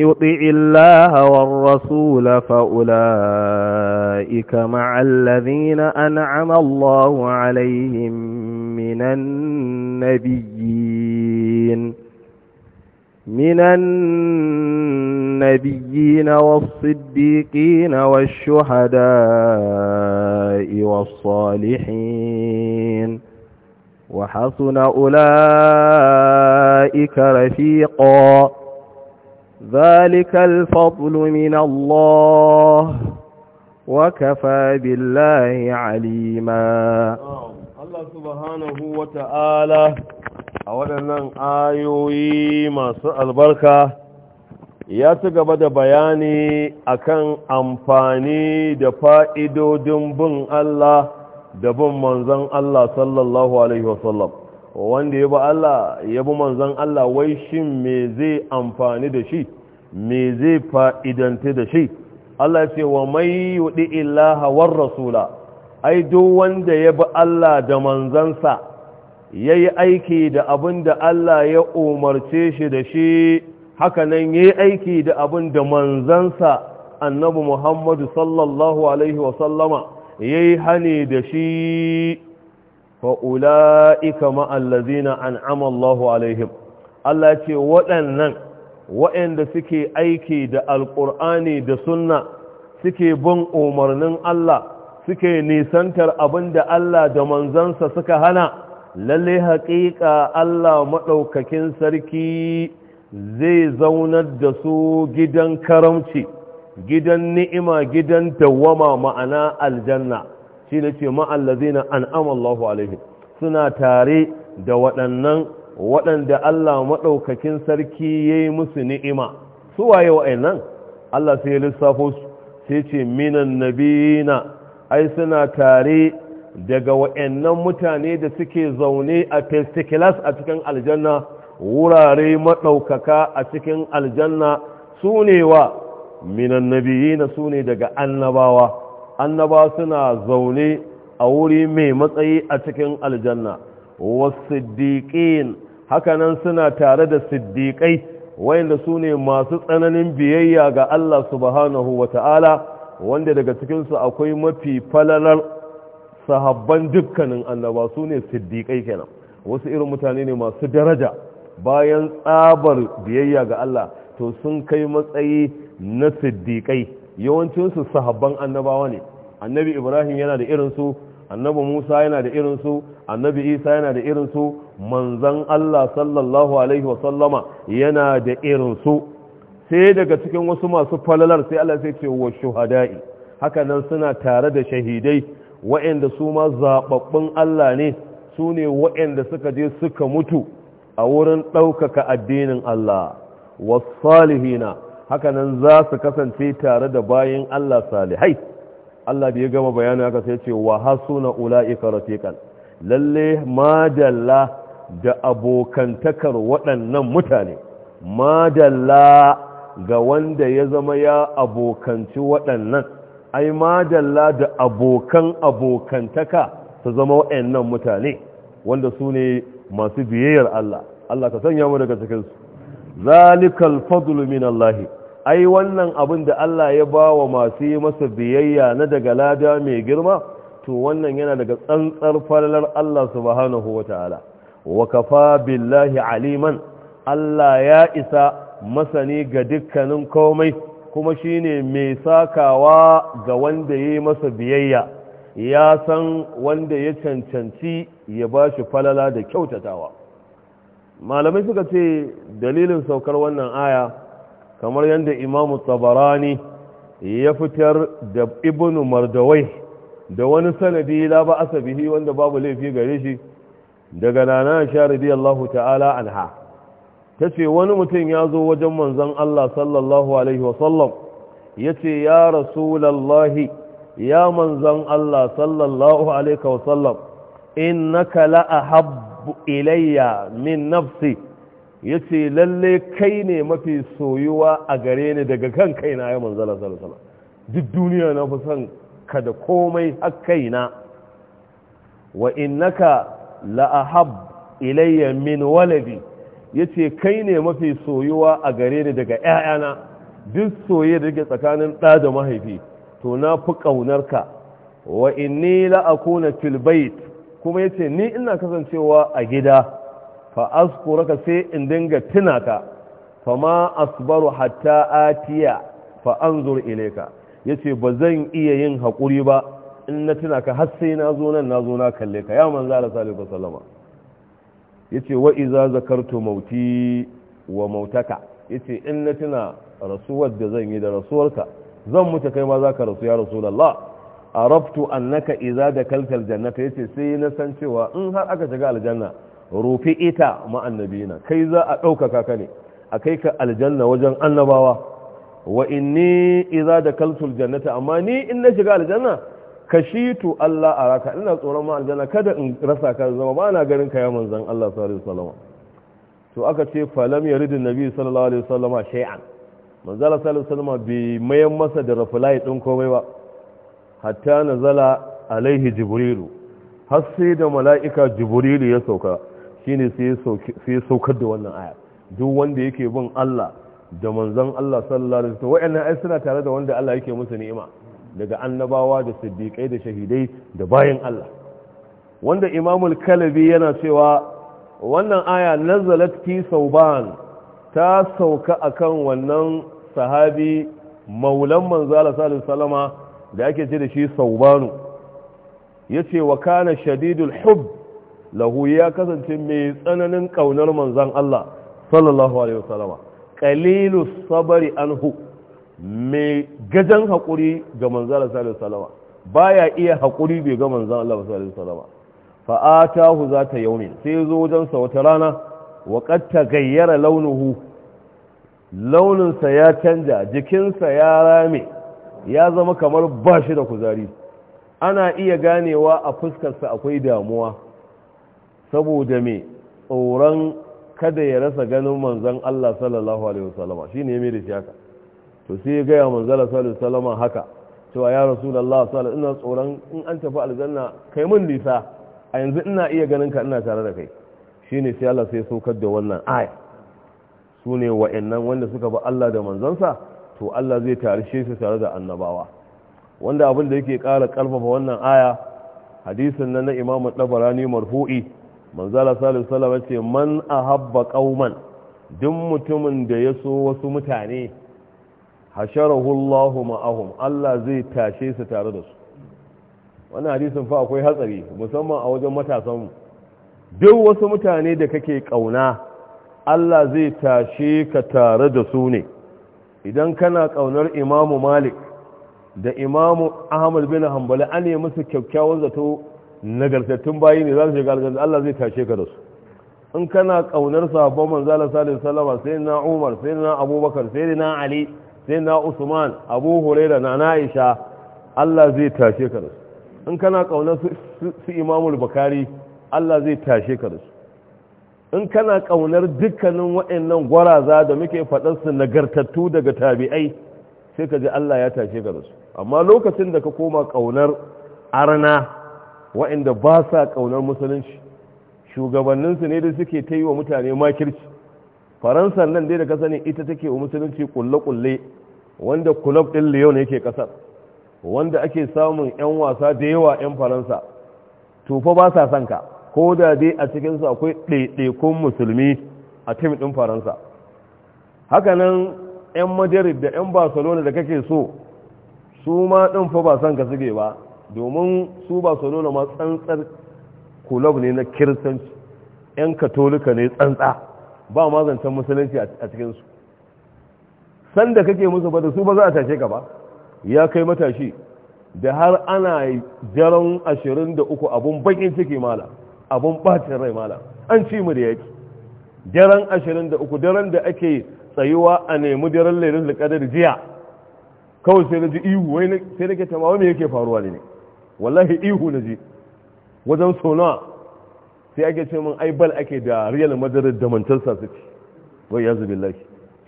يطع الله والرسول فأولئك مع الذين أنعم الله عليهم من النبيين من النبيين والصديقين والشهداء والصالحين وحسن أولئك رفيقا ذلك الفضل من الله وكفى بالله عليما Allah subhanahu wa ta'ala a waɗannan ayoyi masu albarka ya ci gaba da bayani akan amfani da fa'idodin bin Allah da bin manzan Allah sallallahu alaihi wasallam wanda ya bi Allah ya bi manzon Allah wai shin me zai amfani da shi me zai fa'idanta da shi Allah ce wa mai yi illaha war rasula ai duk wanda ya bi Allah da manzansa ya yi aiki da abin da Allah ya umarce shi da shi haka nan yi aiki da abin da manzansa annabi Muhammadu sallallahu alaihi wasallama yayi hani da shi Fa'ula, ika ma allazina an'ama Allahu alaihim Allah ce waɗannan waɗanda suke aiki da alƙur'ani da sunna suke bin umarnin Allah suke nisantar abin da Allah da manzansa suka hana lalle haƙiƙa Allah maɗaukakin sarki zai zaunar da su gidan karamci gidan ni'ima gidan tawama ma'ana aljanna shi ne ce ma'allazina an'ama Allahu alaihi suna tare da waɗannan waɗanda Allah maɗaukakin sarki ya yi musu ni'ima su waye wa'annan Allah sai ya lissafo su sai ce minan nabina ai suna tare daga wa'annan mutane da suke zaune a festikilas a cikin aljanna wurare maɗaukaka a cikin aljanna su ne wa minan su sune daga annabawa annaba suna zaune a wuri mai matsayi a cikin aljanna siddiƙin hakanan suna tare da wayanda su sune masu tsananin biyayya ga Allah subhanahu wa ta'ala wanda daga cikinsu akwai mafi falalar sahabban dukkanin annaba sune siddiƙai kenan wasu irin mutane ne masu daraja bayan tsabar biyayya ga Allah to sun kai matsayi na siddiƙai yawancinsu sahabban annabawa ne annabi ibrahim yana da irinsu annabi musa yana da irinsu annabi isa yana da irinsu manzan allah sallallahu alaihi wasallama yana da irinsu sai daga cikin wasu masu falalar sai allah sai ce wa shuhada'i hakanan suna tare da shahidai wa'anda su ma zaɓaɓɓun allah ne su ne wa'anda suka je suka mutu a wurin ɗaukaka addinin allah wasu salihina hakanan za su kasance tare da bayin Allah salihai Allah da ya gama bayani haka sai ce wa hasuna ula'ika rafiqan lalle madalla da abokantakar waɗannan mutane madalla ga wanda ya zama ya abokanci waɗannan ai madalla da abokan abokantaka su zama waɗannan mutane wanda su ne masu biyayyar Allah Allah ka sanya mu daga cikinsu zalikal fadlu min Allah ai wannan abin da Allah ya bawa masu yi masa biyayya na daga lada mai girma to wannan yana daga tsantsar falalar Allah subhanahu wataala wa kafa billahi aliman Allah ya isa masani ga dukkanin komai kuma shine mai sakawa ga wanda ya yi masa biyayya ya san wanda ya cancanci ya bashi falala da kyautatawa malamai suka ce dalilin saukar wannan aya kamar yadda imamu tabarani ya fitar da Ibn mardawai da wani sanadi la ba asabihi wanda babu laifi gare shi daga nana sha radiyallahu ta'ala anha ta ce wani mutum ya zo wajen manzon Allah sallallahu alaihi wasallam ya ce ya rasulallahi ya manzon Allah sallallahu alaihi wasallam innaka la ahabba ahabbu ilayya min nafsi yace lalle kai ne mafi soyuwa a gare ni daga kan kaina ya manzala sallallahu duk duniya na fi son ka da komai har kaina wa innaka la ahab ilayya min waladi yace kai ne mafi soyuwa a gare ni daga 'ya'yana duk soyayya da ke tsakanin ɗa da mahaifi to na fi ƙaunarka wa inni la akuna fil kuma ya ce ni ina kasancewa a gida fa askuraka sai in dinga tuna ka fa ma asbaru hatta atiya fa anzur ilayka yace ba zan iya yin hakuri ba in na tuna ka har sai na zo nan na zo na kalle ka ya manzo Allah sallallahu alaihi wasallam yace wa iza zakartu mauti wa mautaka yace in na tuna rasuwar da zan yi da rasuwarka zan mutu kai ma ka rasu ya rasulullah arabtu annaka idza dakaltal jannata yace sai na san cewa in har aka shiga aljanna rufi ita ma annabina kai za a ɗaukaka ka ne a kai ka aljanna wajen annabawa wa inni idza dakaltul jannata amma ni in na shiga aljanna kashitu Allah araka ina tsoron ma aljanna kada in rasa ka zama ba na garin ka ya manzon Allah sallallahu alaihi wasallam to aka ce falam yaridun nabi sallallahu alaihi wasallam shay'an manzon sallallahu alaihi wasallam bai mayan masa da rafulai din komai ba hatta nazala alaihi jibrilu har sai da mala'ika jibrilu ya sauka shine sai saukar da wannan aya duk wanda yake bin Allah da manzon Allah sallallahu alaihi wasallam wayannan ai suna tare da wanda Allah yake musu ni'ima daga annabawa da siddiqai da shahidai da bayin Allah wanda imamul kalabi yana cewa wannan aya nazalat fi sauban ta sauka akan wannan sahabi maulan manzo Allah sallallahu alaihi wasallama da ake ce da shi saubanu ya ce wa kana shadidul hub lahu ya kasance mai tsananin ƙaunar manzan Allah sallallahu alaihi wasallama qalilu sabari anhu mai gajan haƙuri ga manzan Allah sallallahu alaihi wasallama baya iya haƙuri bai ga manzan Allah sallallahu alaihi wasallama fa atahu zata yaumin sai zo wajen sa wata rana wa qad tagayyara launuhu launinsa ya canja jikinsa ya rame ya zama kamar ba shi da kuzari ana iya ganewa a fuskarsa akwai damuwa saboda me tsoron kada ya rasa ganin manzan Allah sallallahu alaihi wasallama shi ne mai da shi haka to sai ya gaya manzan Allah sallallahu alaihi wasallama haka cewa ya Allah sallallahu ina tsoron in an tafi aljanna kai mun nisa a yanzu ina iya ganin ka ina tare da kai shine sai Allah sai saukar da wannan aya wa'in wa'annan wanda suka bi Allah da manzansa to Allah zai tarishe su tare da annabawa wanda abin da yake ƙara ƙarfafa wannan aya hadisin nan na imamu ɗabarani marfu'i manzala salisu salama ce man a habba ƙauman duk mutumin da ya so wasu mutane hasharahullahu ma'ahum Allah zai tashe su tare da su wannan hadisin fa akwai hatsari musamman a wajen matasanmu duk wasu mutane da kake ƙauna Allah zai tashe ka tare da su ne idan kana ƙaunar imamu malik da imamu ahmad bin hanbali an yi musu kyakkyawar zato nagartattun bayi ne za su shiga aljanna Allah zai tashe ka da su in kana ƙaunar sahabban manzala sallallahu salama sai na umar sai na abubakar sai na ali sai na usman abu huraira na aisha Allah zai tashe ka da su in kana ƙaunar su Imamu bakari Allah zai tashe ka da su in kana kaunar dukkanin waɗannan gwaraza da muke faɗarsu nagartattu daga tabi'ai sai ka ji Allah ya tashe ka da su amma lokacin da ka koma ƙaunar arna waɗanda ba sa ƙaunar musulunci shugabanninsu ne da suke ta yi wa mutane makirci faransa nan dai da ka sani ita take wa musulunci kulle-kulle wanda club ɗin leon yake kasar wanda ake samun 'yan wasa da yawa 'yan faransa to fa ba sa son ka ko da dai a cikinsu akwai ɗaiɗaikun musulmi a tim ɗin faransa hakanan 'yan madrid da 'yan barcelona da kake so su ma ɗin fa ba son ka suke ba domin su barcelona ma tsantsar kulob ne na kiristanci 'yan katolika ne tsantsa ba ma musulunci a cikinsu sanda kake musu ba da su ba za a tashe ka ba ya kai matashi da har ana jaron ashirin da abun bakin ciki mala abun ɓacin rai mala an ci mu da yaki daren 23 daren da ake tsayuwa a nemi daren lairin qadar jiya kawai sai na ji ihu wai sai nake tamawa me yake faruwa ne wallahi ihu na ji wajen sona sai ake ce min aibal ake da real madrid da manchester city wai yazu billahi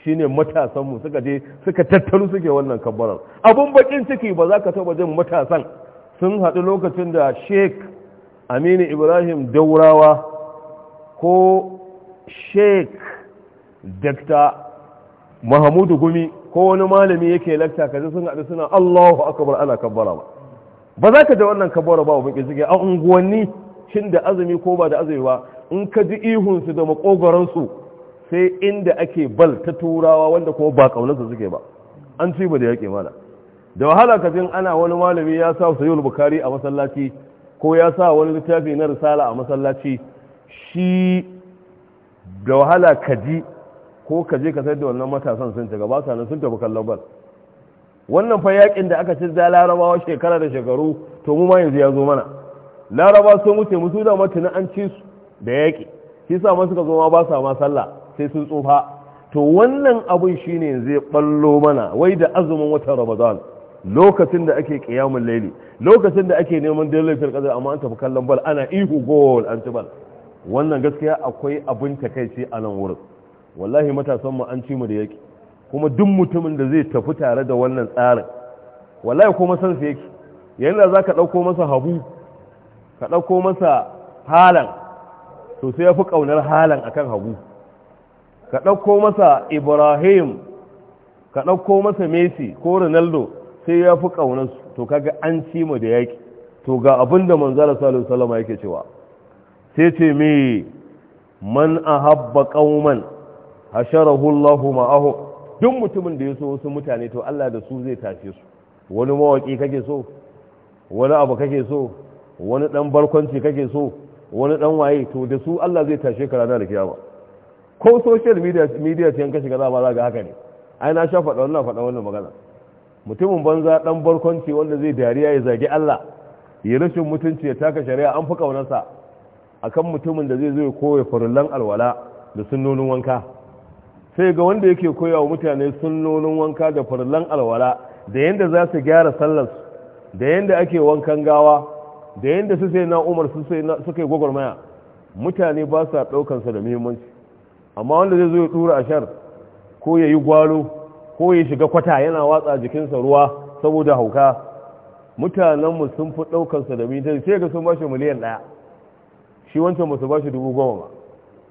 shine matasanmu suka je suka tattaru suke wannan kabbarar abun bakin ciki ba za ka taba jin matasan sun haɗu lokacin da shek aminu ibrahim daurawa ko sheik dakta mahamudu gumi ko wani malami yake lakta kaji sun haɗu suna allahu akabar ana kabbara ba ba za ka da wannan kabbara ba bakin suke a unguwanni shin da azumi ko ba da azumi ba in ka ji ihunsu da makogoransu sai inda ake bal ta turawa wanda kuma ba kaunarsa suke ba an ci ba da yaƙi mana da wahala ka ana wani malami ya sa sayul bukari a masallaci ko ya sa wani littafi na risala a masallaci shi da wahala ka ji ko ka ka sayar da wannan matasan sun ta gaba sanan sun tafi kallon bal wannan fa yakin da aka ci da larabawa shekara da shekaru to mu ma yanzu ya zo mana laraba sun wuce su da matuna an ci su da yaki shi sa ma suka zo ma ba sa ma sallah sai sun tsufa to wannan abun shine yanzu ya ballo mana wai da azumin watan ramadan lokacin da ake kiyamun laili lokacin da ake neman dalilin kadar amma an tafi kallon bal ana ihu gol an ci bal wannan gaskiya akwai abin takaici a nan wurin wallahi matasan mu an ci mu da yake kuma duk mutumin da zai tafi tare da wannan tsarin wallahi kuma san sai yake yayin da zaka dauko masa habu ka dauko masa halan to sai yafi kaunar halan akan habu ka dauko masa Ibrahim ka dauko masa Messi ko Ronaldo sai ya fi ƙaunarsu to kaga an ci mu da yaƙi to ga abin da manzala salihu salama yake cewa sai ce me man ahabba qauman hasharahu Allahu ma'ahu duk mutumin da ya so wasu mutane to Allah da su zai tashe su wani mawaki kake so wani abu kake so wani dan barkwanci kake so wani dan waye to da su Allah zai tashe ka ranar kiyama ko social media media ce ka shiga za za ga haka ne ai na sha faɗa wannan faɗa wannan magana mutumin banza dan barkwanci wanda zai dariya ya zagi Allah ya rashin mutunci ya taka shari'a an fi kaunarsa kan mutumin da zai zo ya koya farullan alwala da sunnonin wanka sai ga wanda yake koya wa mutane sunnonin wanka da farullan alwala da yadda za su gyara sallar da yadda ake wankan gawa da yadda su sai na umar su sai suka yi gwagwarmaya mutane ba sa ɗaukansa da muhimmanci amma wanda zai zo ya tura ashar ko ya yi gwalo ko ya shiga kwata yana watsa jikinsa ruwa saboda hauka mutanenmu sun fi ɗaukansa da mitar ce ga sun ba shi miliyan ɗaya shi wancan ba ba shi dubu goma ba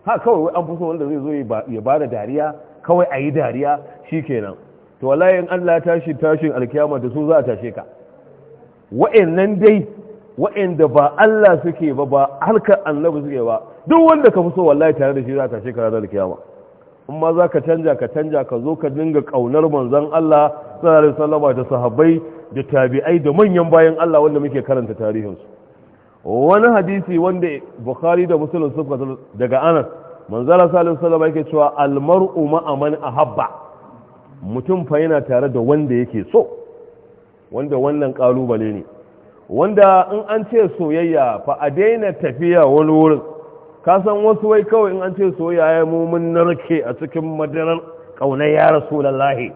ha kawai an fi son wanda zai zo ya ba da dariya kawai a yi dariya shi kenan to wallahi in Allah tashi tashin alkiyama da su za a tashe ka wa'annan dai wa'anda ba Allah suke ba ba halkar annabi suke ba duk wanda ka fi so wallahi tare da shi za a tashe ka ranar alkiyama in ma za ka canja ka canja ka zo ka dinga ƙaunar manzan Allah sallallahu alaihi wasallama da sahabbai da tabi'ai da manyan bayan Allah wanda muke karanta tarihinsu wani hadisi wanda Bukhari da Muslim suka daga Anas manzala sallallahu alaihi yake cewa almar'u ma'a man ahabba mutum fa yana tare da wanda yake so wanda wannan kalubale ne wanda in an ce soyayya fa a daina tafiya wani wurin ka san wasu wai kawai in an ce soyayya mu mun narke a cikin madarar kaunar ya rasulullahi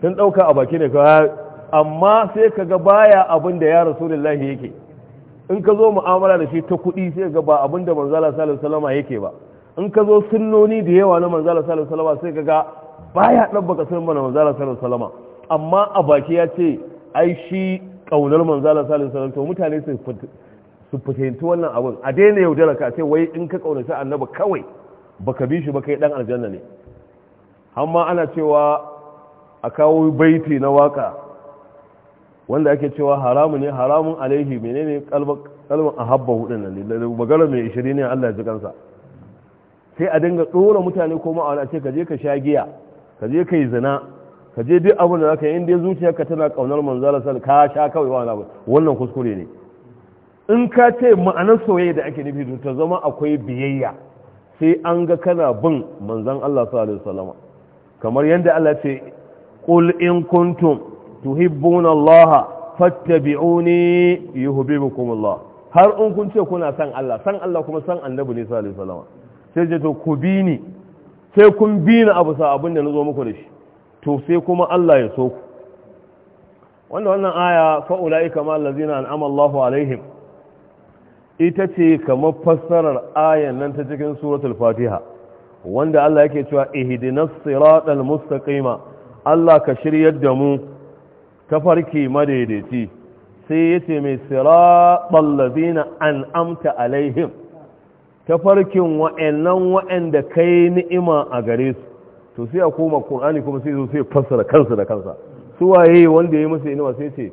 tun dauka a baki ne kawai amma sai ka ga baya abin da ya rasulullahi yake in ka zo mu'amala da shi ta kuɗi sai ga ba abin da manzala sallallahu alaihi yake ba in ka zo sunnoni da yawa na manzala sallallahu alaihi sai ka ga baya dabbaka sunnan manzala sallallahu alaihi amma a baki ya ce ai shi kaunar manzala sallallahu alaihi to mutane sai su fahimci wannan abin a daina yaudara ka ce wai in ka kaunaci annaba kawai baka bi shi ba kai dan aljanna ne amma ana cewa a kawo baiti na waka wanda ake cewa haramu ne haramun alaihi menene a ahabba hudun nan da magana mai ishiri ne Allah ya ji kansa sai a dinga tsora mutane ko ma a ce ka je ka sha giya ka je ka yi zina ka je duk abin da ka yi inda zuciyarka tana kaunar manzala sal ka sha kawai wa wannan kuskure ne in ka ce ma'anar soyayya da ake nufi ta zama akwai biyayya sai an ga kana bin manzan Allah sallallahu alaihi wasallam kamar yadda Allah ce qul in kuntum tuhibbuna Allah fattabi'uni yuhibbukum Allah har in kun ce kuna san Allah san Allah kuma san annabi ne sallallahu alaihi wasallam sai je to ku bi ni sai kun bi ni abu sa abin da nazo muku da shi to sai kuma Allah ya so ku wanda wannan aya fa ulaika ma allazina an'ama Allahu alaihim ita ce kamar fassarar ayan nan ta cikin suratul fatiha wanda Allah yake cewa ihdinas siratal mustaqima Allah ka shiryar da mu tafarki madaidaici sai yace mai siratal ladina an'amta alaihim tafarkin wa'annan wa'anda kai ni'ima a gare su to sai a koma qur'ani kuma sai zo sai fassara kansa da kansa su waye wanda yayi musu ni'ima sai ce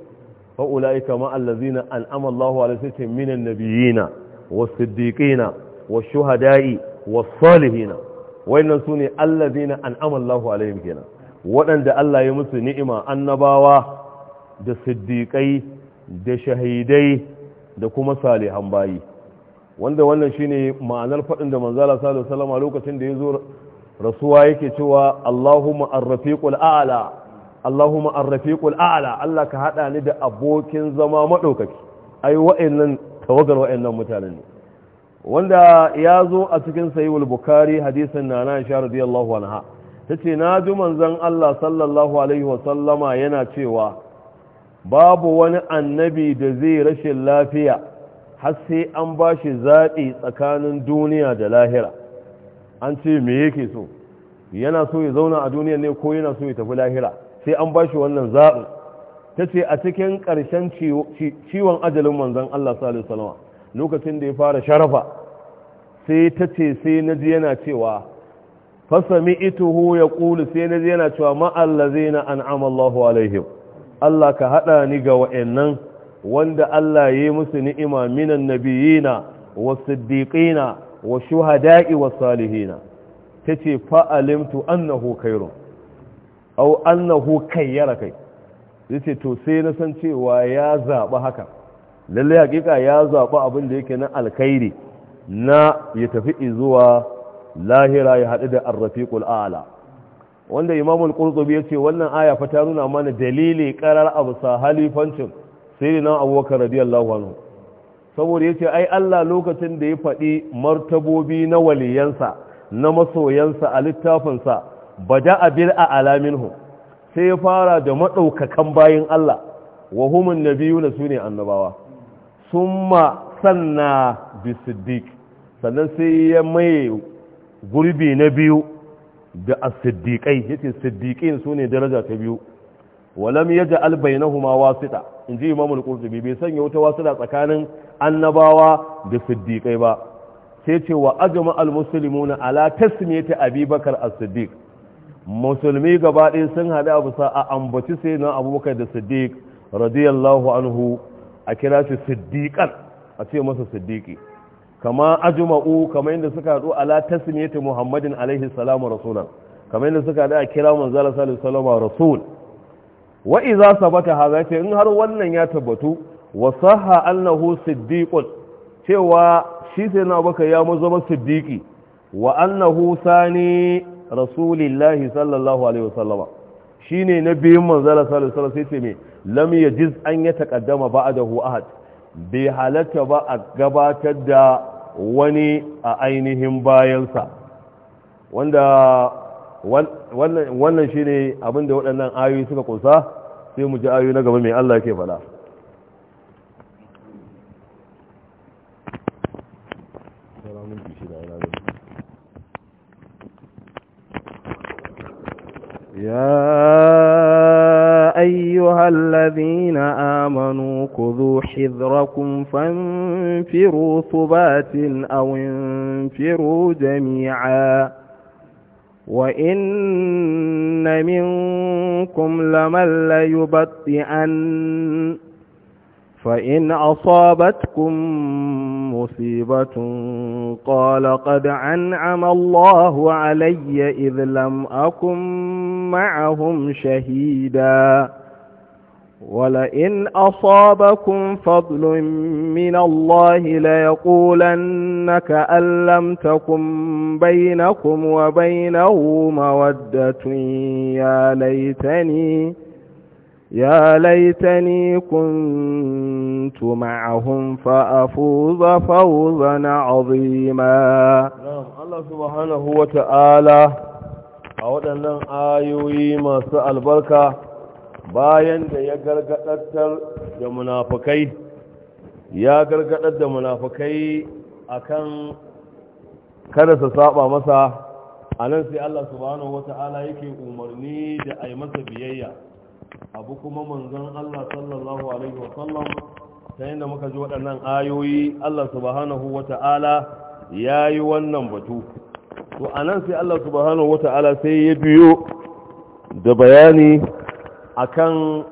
fa ulaika ma allazina an'ama Allahu alaihim minan nabiyina wa siddiqina wa shuhadai wa salihina wayannan sune allazina an'ama Allahu alaihim kenan waɗanda Allah ya musu ni'ima annabawa da siddiqai da shahidai da kuma salihan bayi wanda wannan shine ma'anar faɗin da manzala sallallahu alaihi wasallam lokacin da ya zo rasuwa yake cewa Allahumma ar-rafiqul a'la Allahumma arrafiqul a'la Allah ka hada ni da abokin zama madaukaki ai wa'annan tawagar wa'annan mutanen ne wanda ya zo a cikin sahihul bukhari hadisin nana Aisha radiyallahu anha tace na ji manzon Allah sallallahu alaihi wa sallama yana cewa babu wani annabi da zai rashin lafiya har sai an bashi zabi tsakanin duniya da lahira an ce me yake so yana so ya zauna a duniya ne ko yana so ya tafi lahira sai an bashi wannan zaɓin ta ce a cikin ƙarshen ciwon ajalin manzan Allah salisu salama lokacin da ya fara sharafa sai ta ce sai na ji yana cewa fasami ituhu ya ƙulu sai na ji yana cewa ma'allaze na an'am Allahu alaihim Allah ka haɗa ni ga wa'annan wanda Allah ya yi musu ni'ima minan nabiyina wa siddiqina wa shuhada'i wa salihina tace fa alimtu annahu khairun au annahu kayyara kai yace to sai na san cewa ya zaba haka lalle hakika ya zaba abin da yake na alkhairi na ya tafi zuwa lahira ya haɗu da arrafiqul a'la wanda imamu al-qurtubi yace wannan aya fa ta nuna mana dalili karar abu sahalifancin sayyidina abubakar radiyallahu anhu saboda yace ai Allah lokacin da ya faɗi martabobi na waliyansa na masoyansa a littafinsa bada abil a alaminhu sai ya fara da maɗaukakan bayan Allah wa na nabiyu na su ne annabawa sun ma sanna bisiddiq sannan sai ya mai gurbi na biyu da as-siddiqai yace siddiqin su ne daraja ta biyu walam ya yaj'al bainahuma wasita in imamu al-qurtubi bai sanya wata wasita tsakanin annabawa da siddiqai ba sai ce wa ajma al na ala tasmiyati abubakar as-siddiq musulmi gaba ɗin sun haɗu a bisa a ambaci sai na abubakar da siddiq radiyallahu anhu a kira shi siddiqan a ce masa siddiqi kama ajma'u kama inda suka haɗu ala tasmiyati muhammadin alaihi salamu rasulan kama inda suka haɗu a kira manzala sallallahu alaihi wasallam rasul wa idza sabata hadha ce in har wannan ya tabbatu wa sahha annahu siddiqun cewa shi sai na abubakar ya mu zama siddiqi wa annahu sani rasulillahi sallallahu alaihi wasallama shine na biyun manzala sallallahu alaihi wasallama sai ce me lam yajiz an ya taqaddama ba'dahu ahad bai halatta ba a gabatar da wani a ainihin bayansa wanda wannan shine abinda waɗannan ayoyi suka kunsa sai mu ji ayoyi na gaba mai Allah yake faɗa يا أيها الذين آمنوا خذوا حذركم فانفروا ثبات أو انفروا جميعا وإن منكم لمن ليبطئن فإن أصابتكم مصيبة قال قد أنعم الله علي إذ لم أكن معهم شهيدا ولئن أصابكم فضل من الله ليقولن كأن لم تكن بينكم وبينه مودة يا ليتني يا ليتني كنت معهم فأفوز فوزا عظيما الله سبحانه وتعالى أولاً آيوي ما سأل بركة bayan da ya gargadar da munafukai ya gargadar da munafukai akan kada su saba masa anan sai Allah subhanahu wataala yake umarni da yi masa biyayya abu kuma manzon Allah sallallahu alaihi wasallam ta yadda muka ji waɗannan ayoyi Allah subhanahu wata'ala ya wannan batu to anan sai Allah subhanahu wata'ala sai ya biyo da bayani akan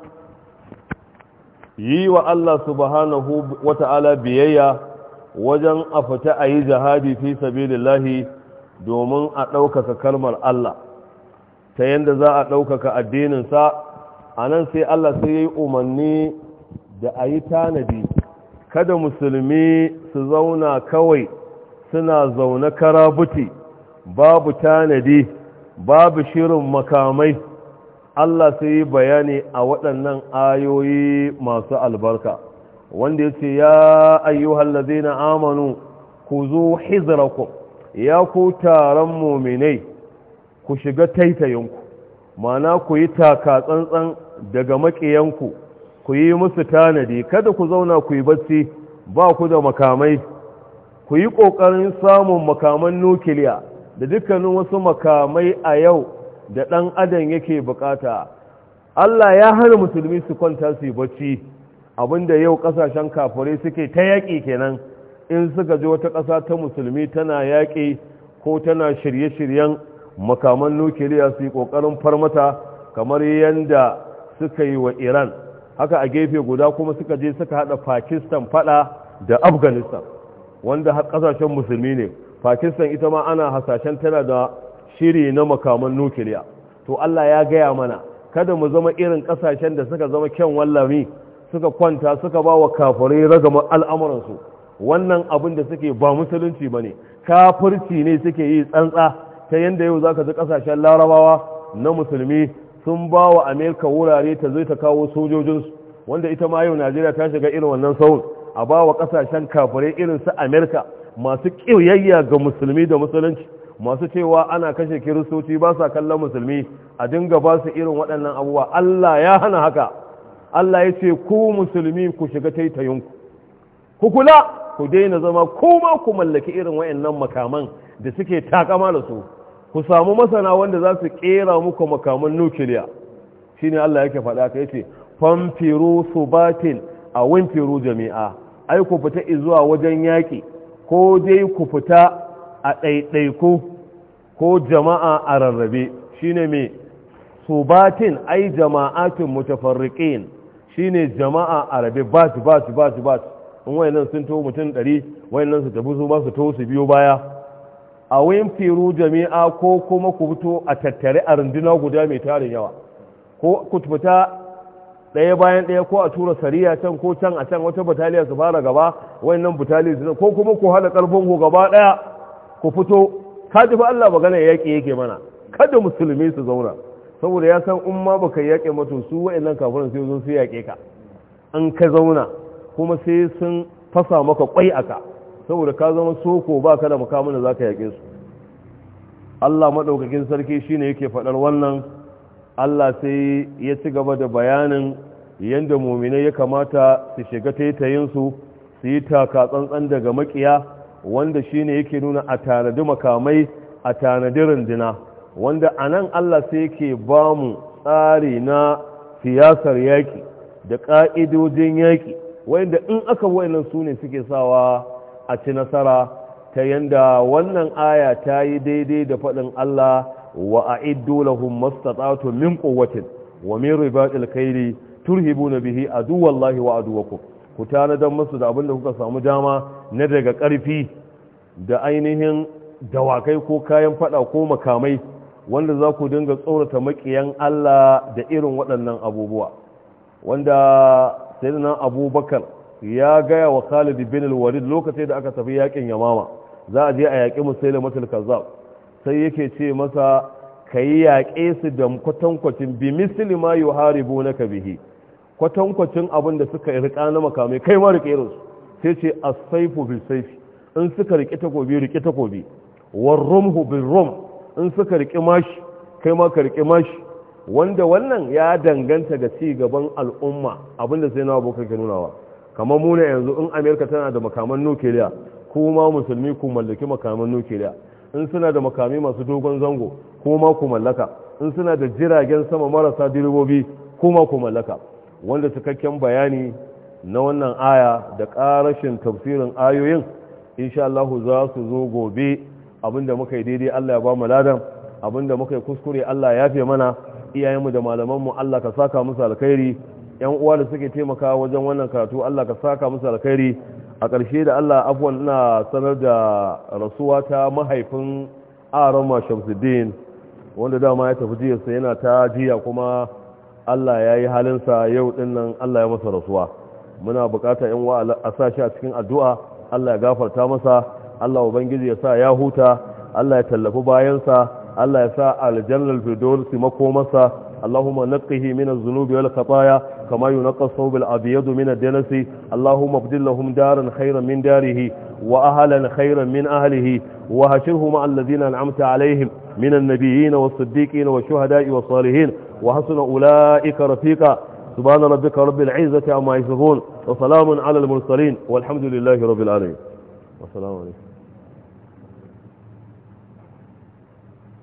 yi wa Allah subhanahu wata'ala biyayya wajen a fita a yi jihadi fi sabilillahi domin a ɗaukaka kalmar Allah ta yanda za a ɗaukaka sa. a nan sai Allah sai ya yi umarni da a yi tanadi kada musulmi su zauna kawai suna zaune karabuti babu tanadi babu shirin makamai Allah sai yi bayani a waɗannan ayoyi masu albarka wanda ya ce ya ayyuhal na amanu ku zo hizraku ya ku taron mominai ku shiga taitayinku ma'ana ku yi taka tsantsan daga makiyanku ku yi musu tanadi kada ku zauna ku yi bacci ba ku da makamai ku yi ƙoƙarin samun makaman nukiliya da dukkanin wasu makamai a yau da ɗan adam yake bukata Allah ya hana musulmi su kwanta su yi bacci abinda yau ƙasashen kafirai suke ta yaƙi kenan in suka ji wata ƙasa ta musulmi tana yaƙi ko tana shirye-shiryen makaman nukiliya su yi ƙoƙarin farmata kamar yadda suka yi wa iran haka a gefe guda kuma suka je suka hada pakistan fada da afghanistan wanda har kasashen musulmi ne pakistan ita ma ana hasashen tana da shiri na makaman nukiliya to allah ya gaya mana kada mu zama irin kasashen da suka zama kyan wallami suka kwanta suka ba wa kafirai ragamar al'amuransu wannan abin da suke ba musulunci ba ne kafirci ne suke yi tsantsa ta yadda yau za ka ji kasashen larabawa na musulmi sun ba wa amerika wurare ta zai ta kawo sojojinsu wanda ita ma yau najeriya ta shiga irin wannan saurin a ba wa kasashen kafirai irin su amerika masu kiyayya ga musulmi da musulunci masu cewa ana kashe kiristoci ba sa kallon musulmi a dinga ba su irin waɗannan abubuwa allah ya hana haka allah ya ce ku musulmi ku shiga taitayin ku ku kula ku daina zama kuma ku mallaki irin waɗannan makaman da suke takama da su ku samu masana wanda za su kera muku makaman nukiliya shi ne Allah yake faɗa ka yace famfiru subatin a winfiru jami'a ai ku fita zuwa wajen yaƙi ko dai ku fita a ɗaiɗaiku ko jama'a a rarrabe shi ne mai subatin ai jama'atin mutafarriqin ne jama'a a rabe bat bat bat bat in wayannan sun to mutum 100 wayannan su tafi su ba su to su biyo baya a wayin firu jami'a ko kuma ku fito a tattare a runduna guda mai tarin yawa ko ku fita ɗaya bayan ɗaya ko a tura sariya can ko can a can wata bataliya su fara gaba wayannan bataliya su ko kuma ku hada karfin ku gaba ɗaya ku fito kaji fa Allah magana yaƙi yake mana kada musulmi su zauna saboda ya san umma baka yaƙi mato su wayannan kafirin sai zo su yaƙe ka an ka zauna kuma sai sun fasa maka kwai aka saboda ka zama soko ba ka da makamin da za ka yaƙe su allah maɗaukakin sarki shi ne yake faɗar wannan allah sai ya ci gaba da bayanin yadda muminai ya kamata su shiga taitayinsu su yi taka tsantsan daga makiya wanda shi ne yake nuna a tanadi makamai a tanadi rundina wanda a nan allah sai yake ba mu tsari na siyasar yaƙi da ƙa'idojin yaƙi wanda in aka nan su ne suke sawa a ci nasara ta yanda wannan aya ta yi daidai da faɗin Allah wa a'iddu lahum mastata'tu min quwwatin wa min ribatil khayri na bihi a aduwallahi wa aduwakum ku tanadan masu da abin da kuka samu dama na daga ƙarfi da ainihin dawakai ko kayan faɗa ko makamai wanda za ku dinga tsorata makiyan Allah da irin waɗannan abubuwa wanda sayyidina Abubakar ya gaya wa Khalid bin al-Walid lokacin da aka tafi yakin Yamama za a je a yaƙi al Kazzab sai yake ce masa kai yaƙe su da kwatankwacin bi muslima yuharibunaka bihi kwatankwacin abin da suka riƙa na makamai kai ma riƙe su sai ce as-sayfu bil sayfi in suka riƙe takobi riƙe takobi war rumhu bil rum in suka riƙe mashi kai ma ka riƙe mashi wanda wannan ya danganta ga ci gaban al'umma abinda sai na abokan ke nunawa kamar muna yanzu in amerika tana da makaman nukiliya kuma musulmi ku mallaki makaman nukiliya in suna da makami masu dogon zango kuma ku mallaka in suna da jiragen sama marasa direbobi kuma ku mallaka wanda cikakken bayani na wannan aya da ƙarashin tafsirin ayoyin insha Allah za su zo gobe abinda muka yi daidai Allah ya ba mu ladan abinda muka yi kuskure Allah ya yafe mana iyayenmu da malamanmu Allah ka saka musu alkhairi yan uwa da suke taimaka wajen wannan karatu Allah ka saka musu alkhairi a ƙarshe da Allah afwan ina sanar da rasuwa ta mahaifin aron Mashamsuddin wanda dama ya tafi jiyarsa yana ta jiya kuma Allah ya yi halinsa yau din nan Allah ya masa rasuwa muna bukata yan uwa a sashi a cikin addu'a Allah ya gafarta masa Allah ubangiji ya sa ya huta Allah ya tallafi bayansa Allah ya sa aljannal mako masa. اللهم نقه من الذنوب والخطايا كما ينقى الثوب الأبيض من الدنس اللهم ابدل لهم دارا خيرا من داره وأهلا خيرا من أهله وهشره مع الذين أنعمت عليهم من النبيين والصديقين والشهداء والصالحين وحسن أولئك رفيقا سبحان ربك رب العزة عما يصفون وسلام على المرسلين والحمد لله رب العالمين والسلام عليكم